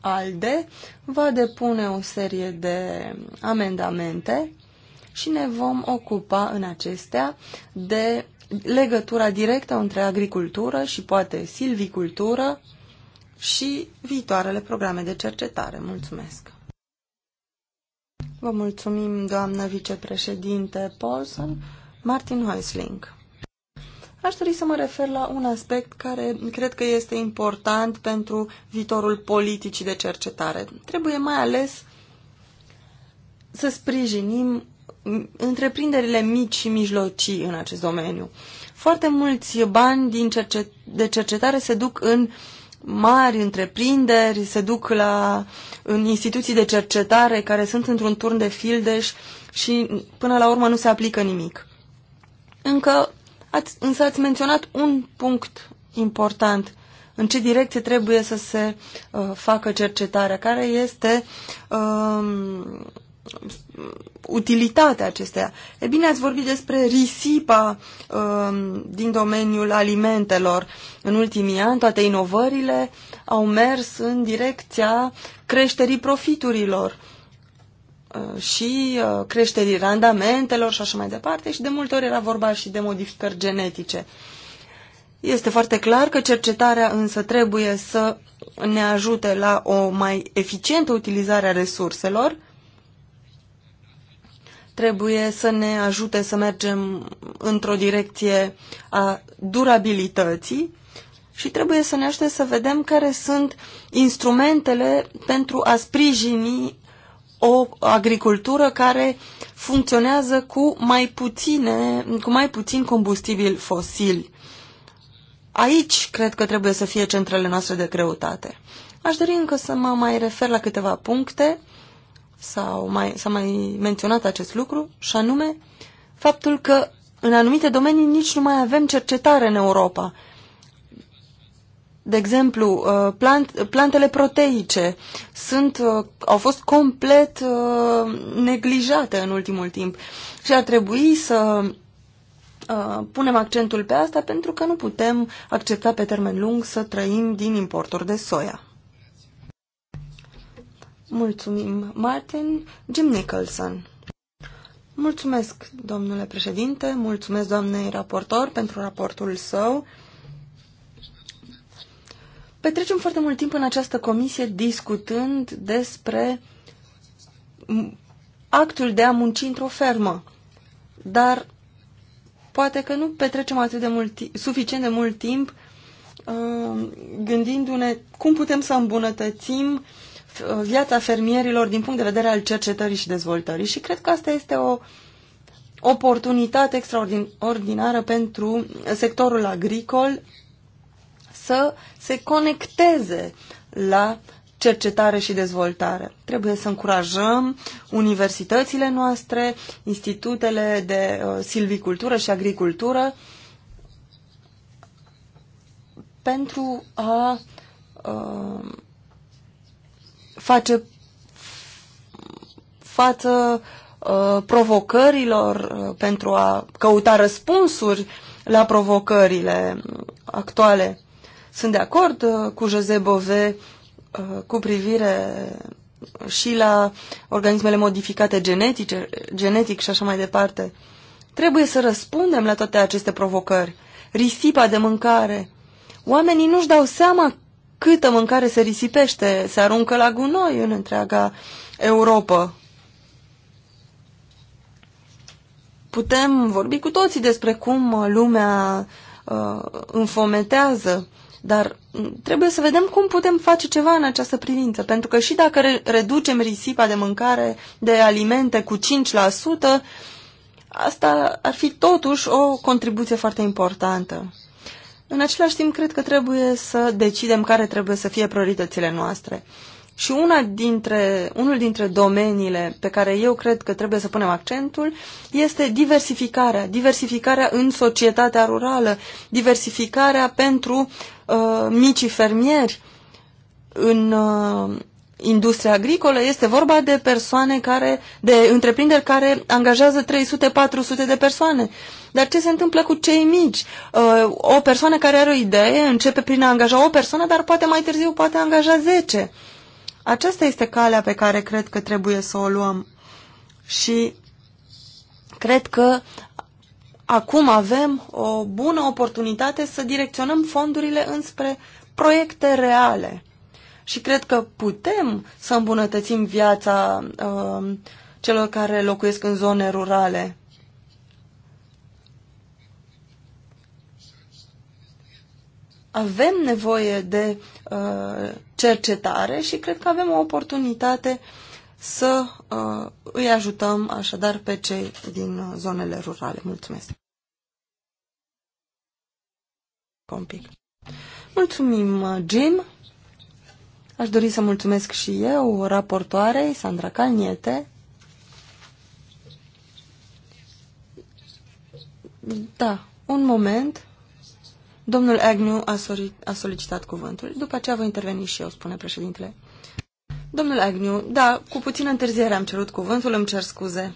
Speaker 1: ALDE va depune o serie de amendamente și ne vom ocupa în acestea de legătura directă între agricultură și poate silvicultură și viitoarele programe de cercetare. Mulțumesc! Vă mulțumim, doamnă vicepreședinte Paulson. Martin Heusling. Aș dori să mă refer la un aspect care cred că este important pentru viitorul politicii de cercetare. Trebuie mai ales să sprijinim întreprinderile mici și mijlocii în acest domeniu. Foarte mulți bani din cercet- de cercetare se duc în uh, mari întreprinderi se duc la, în instituții de cercetare care sunt într-un turn de fildeș și până la urmă nu se aplică nimic. Încă ați, însă ați menționat un punct important. În ce direcție trebuie să se uh, facă cercetarea? Care este uh, utilitatea acesteia. E bine, ați vorbit despre risipa uh, din domeniul alimentelor. În ultimii ani, toate inovările au mers în direcția creșterii profiturilor uh, și uh, creșterii randamentelor și așa mai departe și de multe ori era vorba și de modificări genetice. Este foarte clar că cercetarea însă trebuie să ne ajute la o mai eficientă utilizare a resurselor trebuie să ne ajute să mergem într-o direcție a durabilității și trebuie să ne ajute să vedem care sunt instrumentele pentru a sprijini o agricultură care funcționează cu mai, puține, cu mai puțin combustibil fosil. Aici cred că trebuie să fie centrele noastre de greutate. Aș dori încă să mă mai refer la câteva puncte sau mai, s-a mai menționat acest lucru, și anume faptul că în anumite domenii nici nu mai avem cercetare în Europa. De exemplu, uh, plant, plantele proteice sunt, uh, au fost complet uh, neglijate în ultimul timp și ar trebui să punem accentul pe asta pentru că nu putem accepta pe termen lung să trăim din importuri de soia. Mulțumim, Martin. Jim Nicholson. Mulțumesc, domnule președinte, mulțumesc doamnei raportor pentru raportul său. Petrecem foarte mult timp în această comisie discutând despre actul de a munci într-o fermă, dar poate că nu petrecem atât de mult, suficient de mult timp uh, gândindu-ne cum putem să îmbunătățim uh, Uh, viața fermierilor din punct de vedere al cercetării și dezvoltării. Și cred că asta este o oportunitate extraordinară pentru sectorul agricol să se conecteze la cercetare și dezvoltare. Trebuie să încurajăm universitățile noastre, institutele de uh, silvicultură și agricultură pentru a uh, face față uh, provocărilor uh, pentru a căuta răspunsuri la provocările actuale. Sunt de acord uh, cu Jose Bove uh, cu privire și la organismele modificate genetice, genetic și așa mai departe. Trebuie să răspundem la toate aceste provocări. Risipa de mâncare. Oamenii nu-și dau seama câtă mâncare se risipește, se aruncă la gunoi în întreaga Europa. Putem vorbi cu toții despre cum lumea uh, înfometează, dar trebuie să vedem cum putem face ceva în această privință, pentru că și dacă re reducem risipa de mâncare, de alimente cu 5%, asta ar fi totuși o contribuție foarte importantă. În același timp, cred că trebuie să decidem care trebuie să fie prioritățile noastre. Și una dintre, unul dintre domeniile pe care eu cred că trebuie să punem accentul este diversificarea. Diversificarea în societatea rurală, diversificarea pentru uh, micii fermieri, în, uh, industria agricolă, este vorba de persoane care, de întreprinderi care angajează 300-400 de persoane. Dar ce se întâmplă cu cei mici? Uh, o persoană care are o idee începe prin a angaja o persoană, dar poate mai târziu poate angaja 10. Aceasta este calea pe care cred că trebuie să o luăm. Și cred că acum avem o bună oportunitate să direcționăm fondurile înspre proiecte reale și cred că putem să îmbunătățim viața uh, celor care locuiesc în zone rurale. Avem nevoie de uh, cercetare și cred că avem o oportunitate să uh, îi ajutăm așadar pe cei din uh, zonele rurale. Mulțumesc! Un pic. Mulțumim, uh, Jim! Aș dori să mulțumesc și eu raportoarei, Sandra Calniete. Da, un moment. Domnul Agnew a, a solicitat cuvântul. După aceea voi interveni și eu, spune președintele. Domnul Agnew, da, cu puțină întârziere am cerut cuvântul, îmi cer scuze.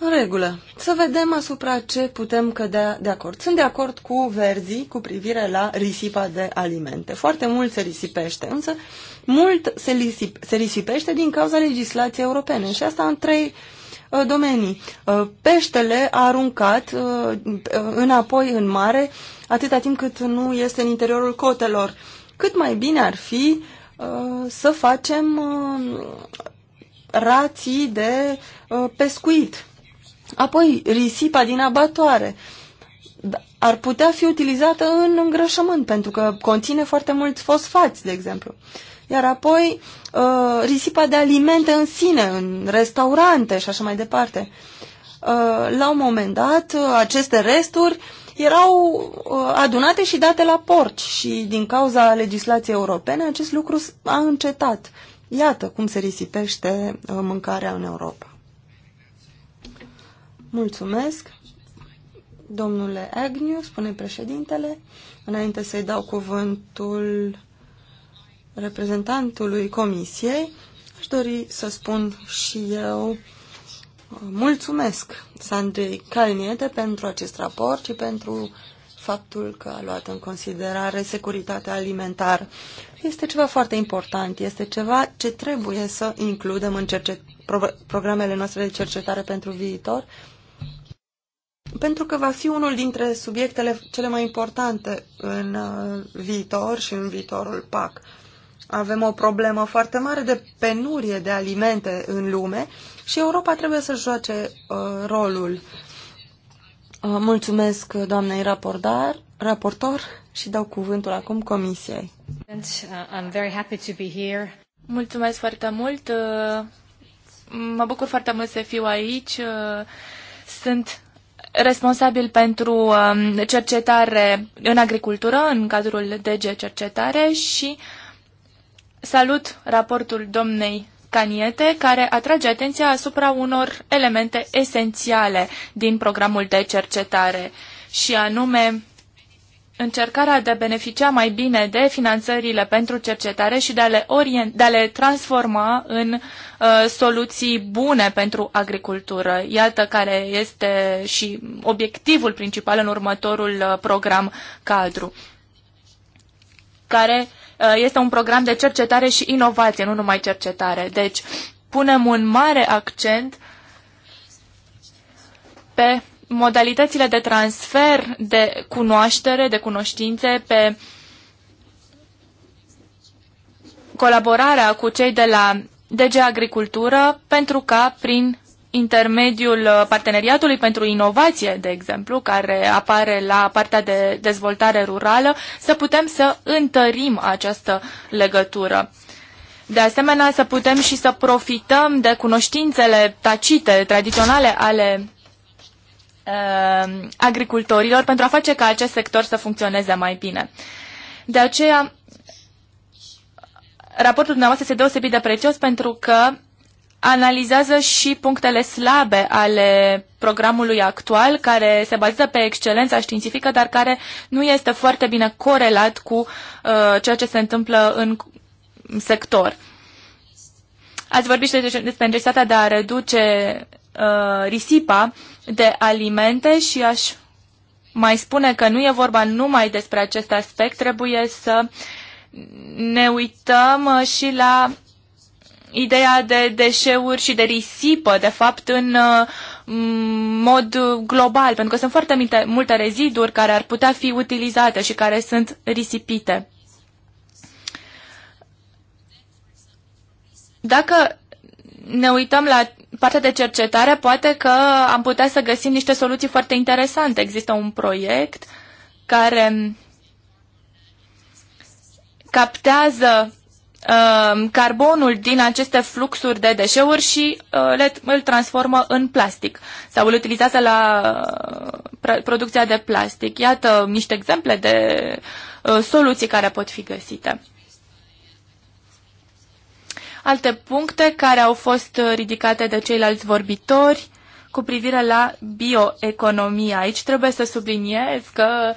Speaker 1: În regulă. Să vedem asupra ce putem cădea de acord. Sunt de acord cu verzii cu privire la risipa de alimente. Foarte mult se risipește, însă mult se, lisip, se risipește din cauza legislației europene și asta în trei uh, domenii. Uh, peștele a aruncat uh, înapoi în mare atâta timp cât nu este în interiorul cotelor. Cât mai bine ar fi să facem rații de pescuit Apoi, risipa din abatoare da, ar putea fi utilizată în îngrășământ, pentru că conține foarte mulți fosfați, de exemplu. Iar apoi, uh, risipa de alimente în sine, în restaurante și așa mai departe. Uh, la un moment dat, uh, aceste resturi erau adunate și date la porci și din cauza legislației europene acest lucru a încetat. Iată cum se risipește mâncarea în Europa. Mulțumesc. Domnule Agnew, spune președintele, înainte să-i dau cuvântul reprezentantului comisiei, aș dori să spun și eu mulțumesc Sandrei Calniete pentru acest raport și pentru faptul că a luat în considerare securitatea alimentară. Este ceva foarte important, este ceva ce trebuie să includem în cercet- pro- programele noastre de cercetare pentru viitor pentru că va fi unul dintre subiectele cele mai importante în uh, viitor și în viitorul PAC. Avem o problemă foarte mare de penurie de alimente în lume și Europa trebuie să joace uh, rolul. Uh, mulțumesc doamnei raportar, raportor și dau cuvântul acum comisiei.
Speaker 2: I'm
Speaker 3: very happy to be here. Mulțumesc foarte mult. Uh, mă bucur foarte mult să fiu aici. Uh, sunt responsabil pentru um, cercetare în agricultură, în cadrul DG Cercetare și salut raportul domnei Caniete, care atrage atenția asupra unor elemente esențiale din programul de cercetare și anume încercarea de a beneficia mai bine de finanțările pentru cercetare și de a le, orient, de a le transforma în uh, soluții bune pentru agricultură. Iată care este și obiectivul principal în următorul uh, program cadru, care uh, este un program de cercetare și inovație, nu numai cercetare. Deci punem un mare accent pe modalitățile de transfer de cunoaștere, de cunoștințe, pe colaborarea cu cei de la DG Agricultură pentru ca prin intermediul uh, parteneriatului pentru inovație, de exemplu, care apare la partea de dezvoltare rurală, să putem să întărim această legătură. De asemenea, să putem și să profităm de cunoștințele tacite, tradiționale ale Uh, agricultorilor pentru a face ca acest sector să funcționeze mai bine. De aceea, raportul dumneavoastră este deosebit de prețios pentru că analizează și punctele slabe ale programului actual, care se bazează pe excelența științifică, dar care nu este foarte bine corelat cu uh, ceea ce se întâmplă în sector. Ați vorbit și despre necesitatea de a reduce uh, risipa de alimente și aș mai spune că nu e vorba numai despre acest aspect, trebuie să ne uităm uh, și la ideea de deșeuri și de risipă, de fapt, în uh, mod global, pentru că sunt foarte multe, multe reziduri care ar putea fi utilizate și care sunt risipite. Dacă ne uităm la partea de cercetare, poate că am putea să găsim niște soluții foarte interesante. Există un proiect care um, captează uh, carbonul din aceste fluxuri de deșeuri și uh, le, îl transformă în plastic sau îl utilizează la uh, producția de plastic. Iată niște exemple de uh, soluții care pot fi găsite alte puncte care au fost uh, ridicate de ceilalți vorbitori cu privire la bioeconomie. Aici trebuie să subliniez că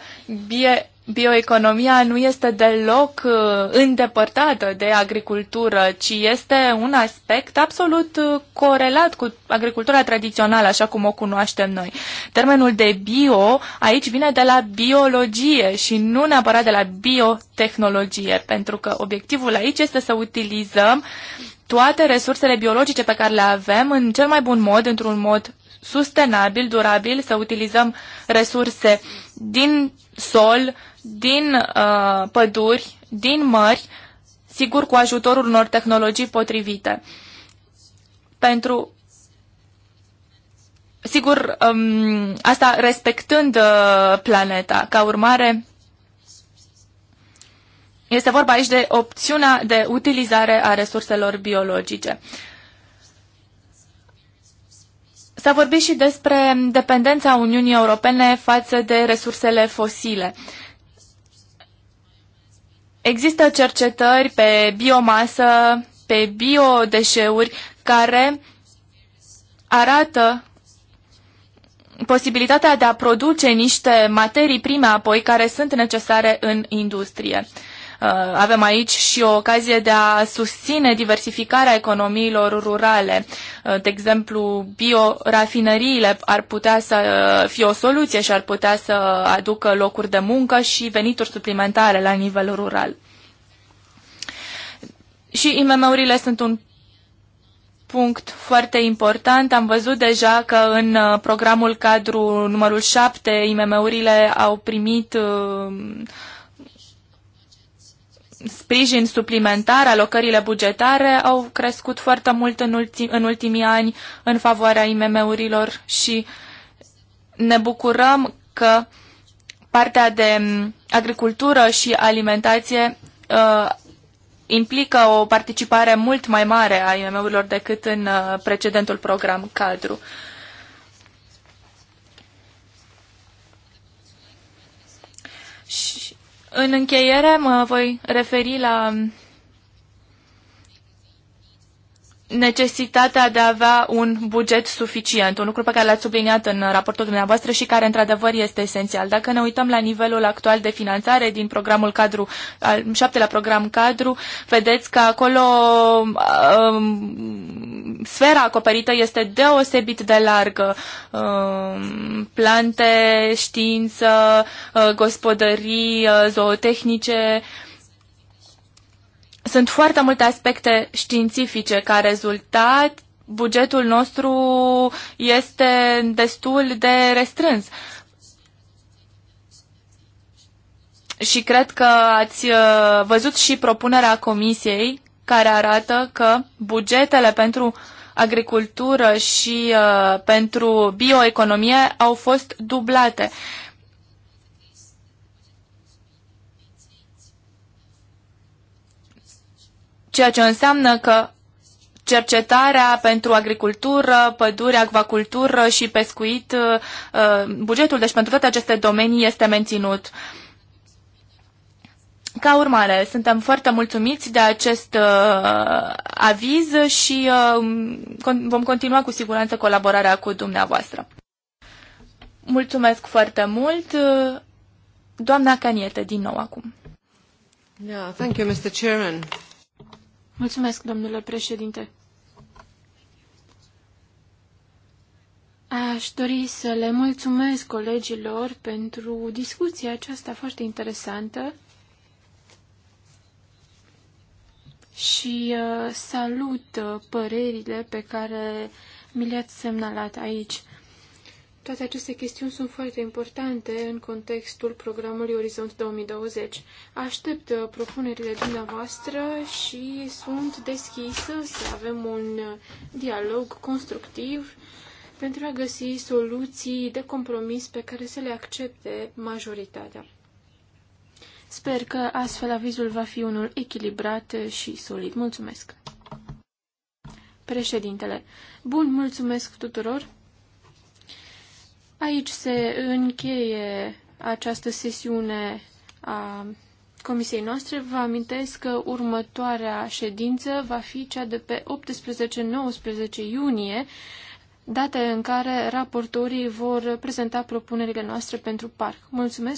Speaker 3: bio bioeconomia nu este deloc uh, îndepărtată de agricultură, ci este un aspect absolut uh, corelat cu agricultura tradițională, așa cum o cunoaștem noi. Termenul de bio aici vine de la biologie și nu neapărat de la biotehnologie, pentru că obiectivul aici este să utilizăm toate resursele biologice pe care le avem în cel mai bun mod, într-un mod sustenabil, durabil, să utilizăm resurse din sol, din uh, păduri, din mări, sigur cu ajutorul unor tehnologii potrivite. Pentru Sigur, um, asta respectând uh, planeta. Ca urmare, este vorba aici de opțiunea de utilizare a resurselor biologice. S-a vorbit și despre dependența Uniunii Europene față de resursele fosile. Uh, Există cercetări pe biomasă, pe biodeșeuri, care arată posibilitatea de a produce niște materii prime apoi care sunt necesare în industrie. Uh, avem aici și o ocazie de a susține diversificarea economiilor rurale. Uh, de exemplu, biorafinăriile ar putea să fie o soluție și ar putea să aducă locuri de muncă și venituri suplimentare la nivel rural. Și IMM-urile sunt un punct foarte important. Am văzut deja că în uh, programul cadru numărul 7 IMM-urile au primit sprijin suplimentar, alocările bugetare au crescut foarte mult în, ultim, în ultimii ani în favoarea IMM-urilor și ne bucurăm că partea de agricultură și alimentație uh, implică o participare mult mai mare a IMM-urilor decât în uh, precedentul program cadru. Și în încheiere mă voi referi la necesitatea de a avea un buget suficient, un lucru pe care l-ați subliniat în raportul dumneavoastră și care într-adevăr este esențial. Dacă ne uităm la nivelul actual de finanțare din programul cadru, al șaptelea program cadru, vedeți că acolo um, sfera acoperită este deosebit de largă. Um, plante, știință, uh, gospodării, uh, zootehnice, uh, sunt foarte multe aspecte științifice ca rezultat. Bugetul nostru este destul de restrâns. Și cred că ați uh, văzut și propunerea comisiei care arată că bugetele pentru agricultură și uh, pentru bioeconomie au fost dublate. ceea ce înseamnă că cercetarea pentru agricultură, pădure, acvacultură și pescuit, uh, bugetul deci pentru toate aceste domenii este menținut. Ca urmare, suntem foarte mulțumiți de acest uh, aviz și uh, con- vom continua cu siguranță colaborarea cu dumneavoastră. Mulțumesc foarte mult. Doamna Caniete, din nou acum.
Speaker 1: Yeah, thank you, Mr. Chairman.
Speaker 2: Mulțumesc, domnule președinte. Aș dori să le mulțumesc colegilor pentru discuția aceasta foarte interesantă și uh, salut uh, părerile pe care mi le-ați semnalat aici. Toate aceste chestiuni sunt foarte importante în contextul programului Orizont 2020. Aștept uh, propunerile dumneavoastră și sunt deschisă să avem un uh, dialog constructiv pentru a găsi soluții de compromis pe care să le accepte majoritatea. Sper că astfel avizul va fi unul echilibrat și solid. Mulțumesc! Președintele, bun, mulțumesc tuturor! Aici se încheie această sesiune a comisiei noastre. Vă amintesc că următoarea ședință va fi cea de pe 18-19 iunie, date în care raportorii vor prezenta propunerile noastre pentru parc. Mulțumesc!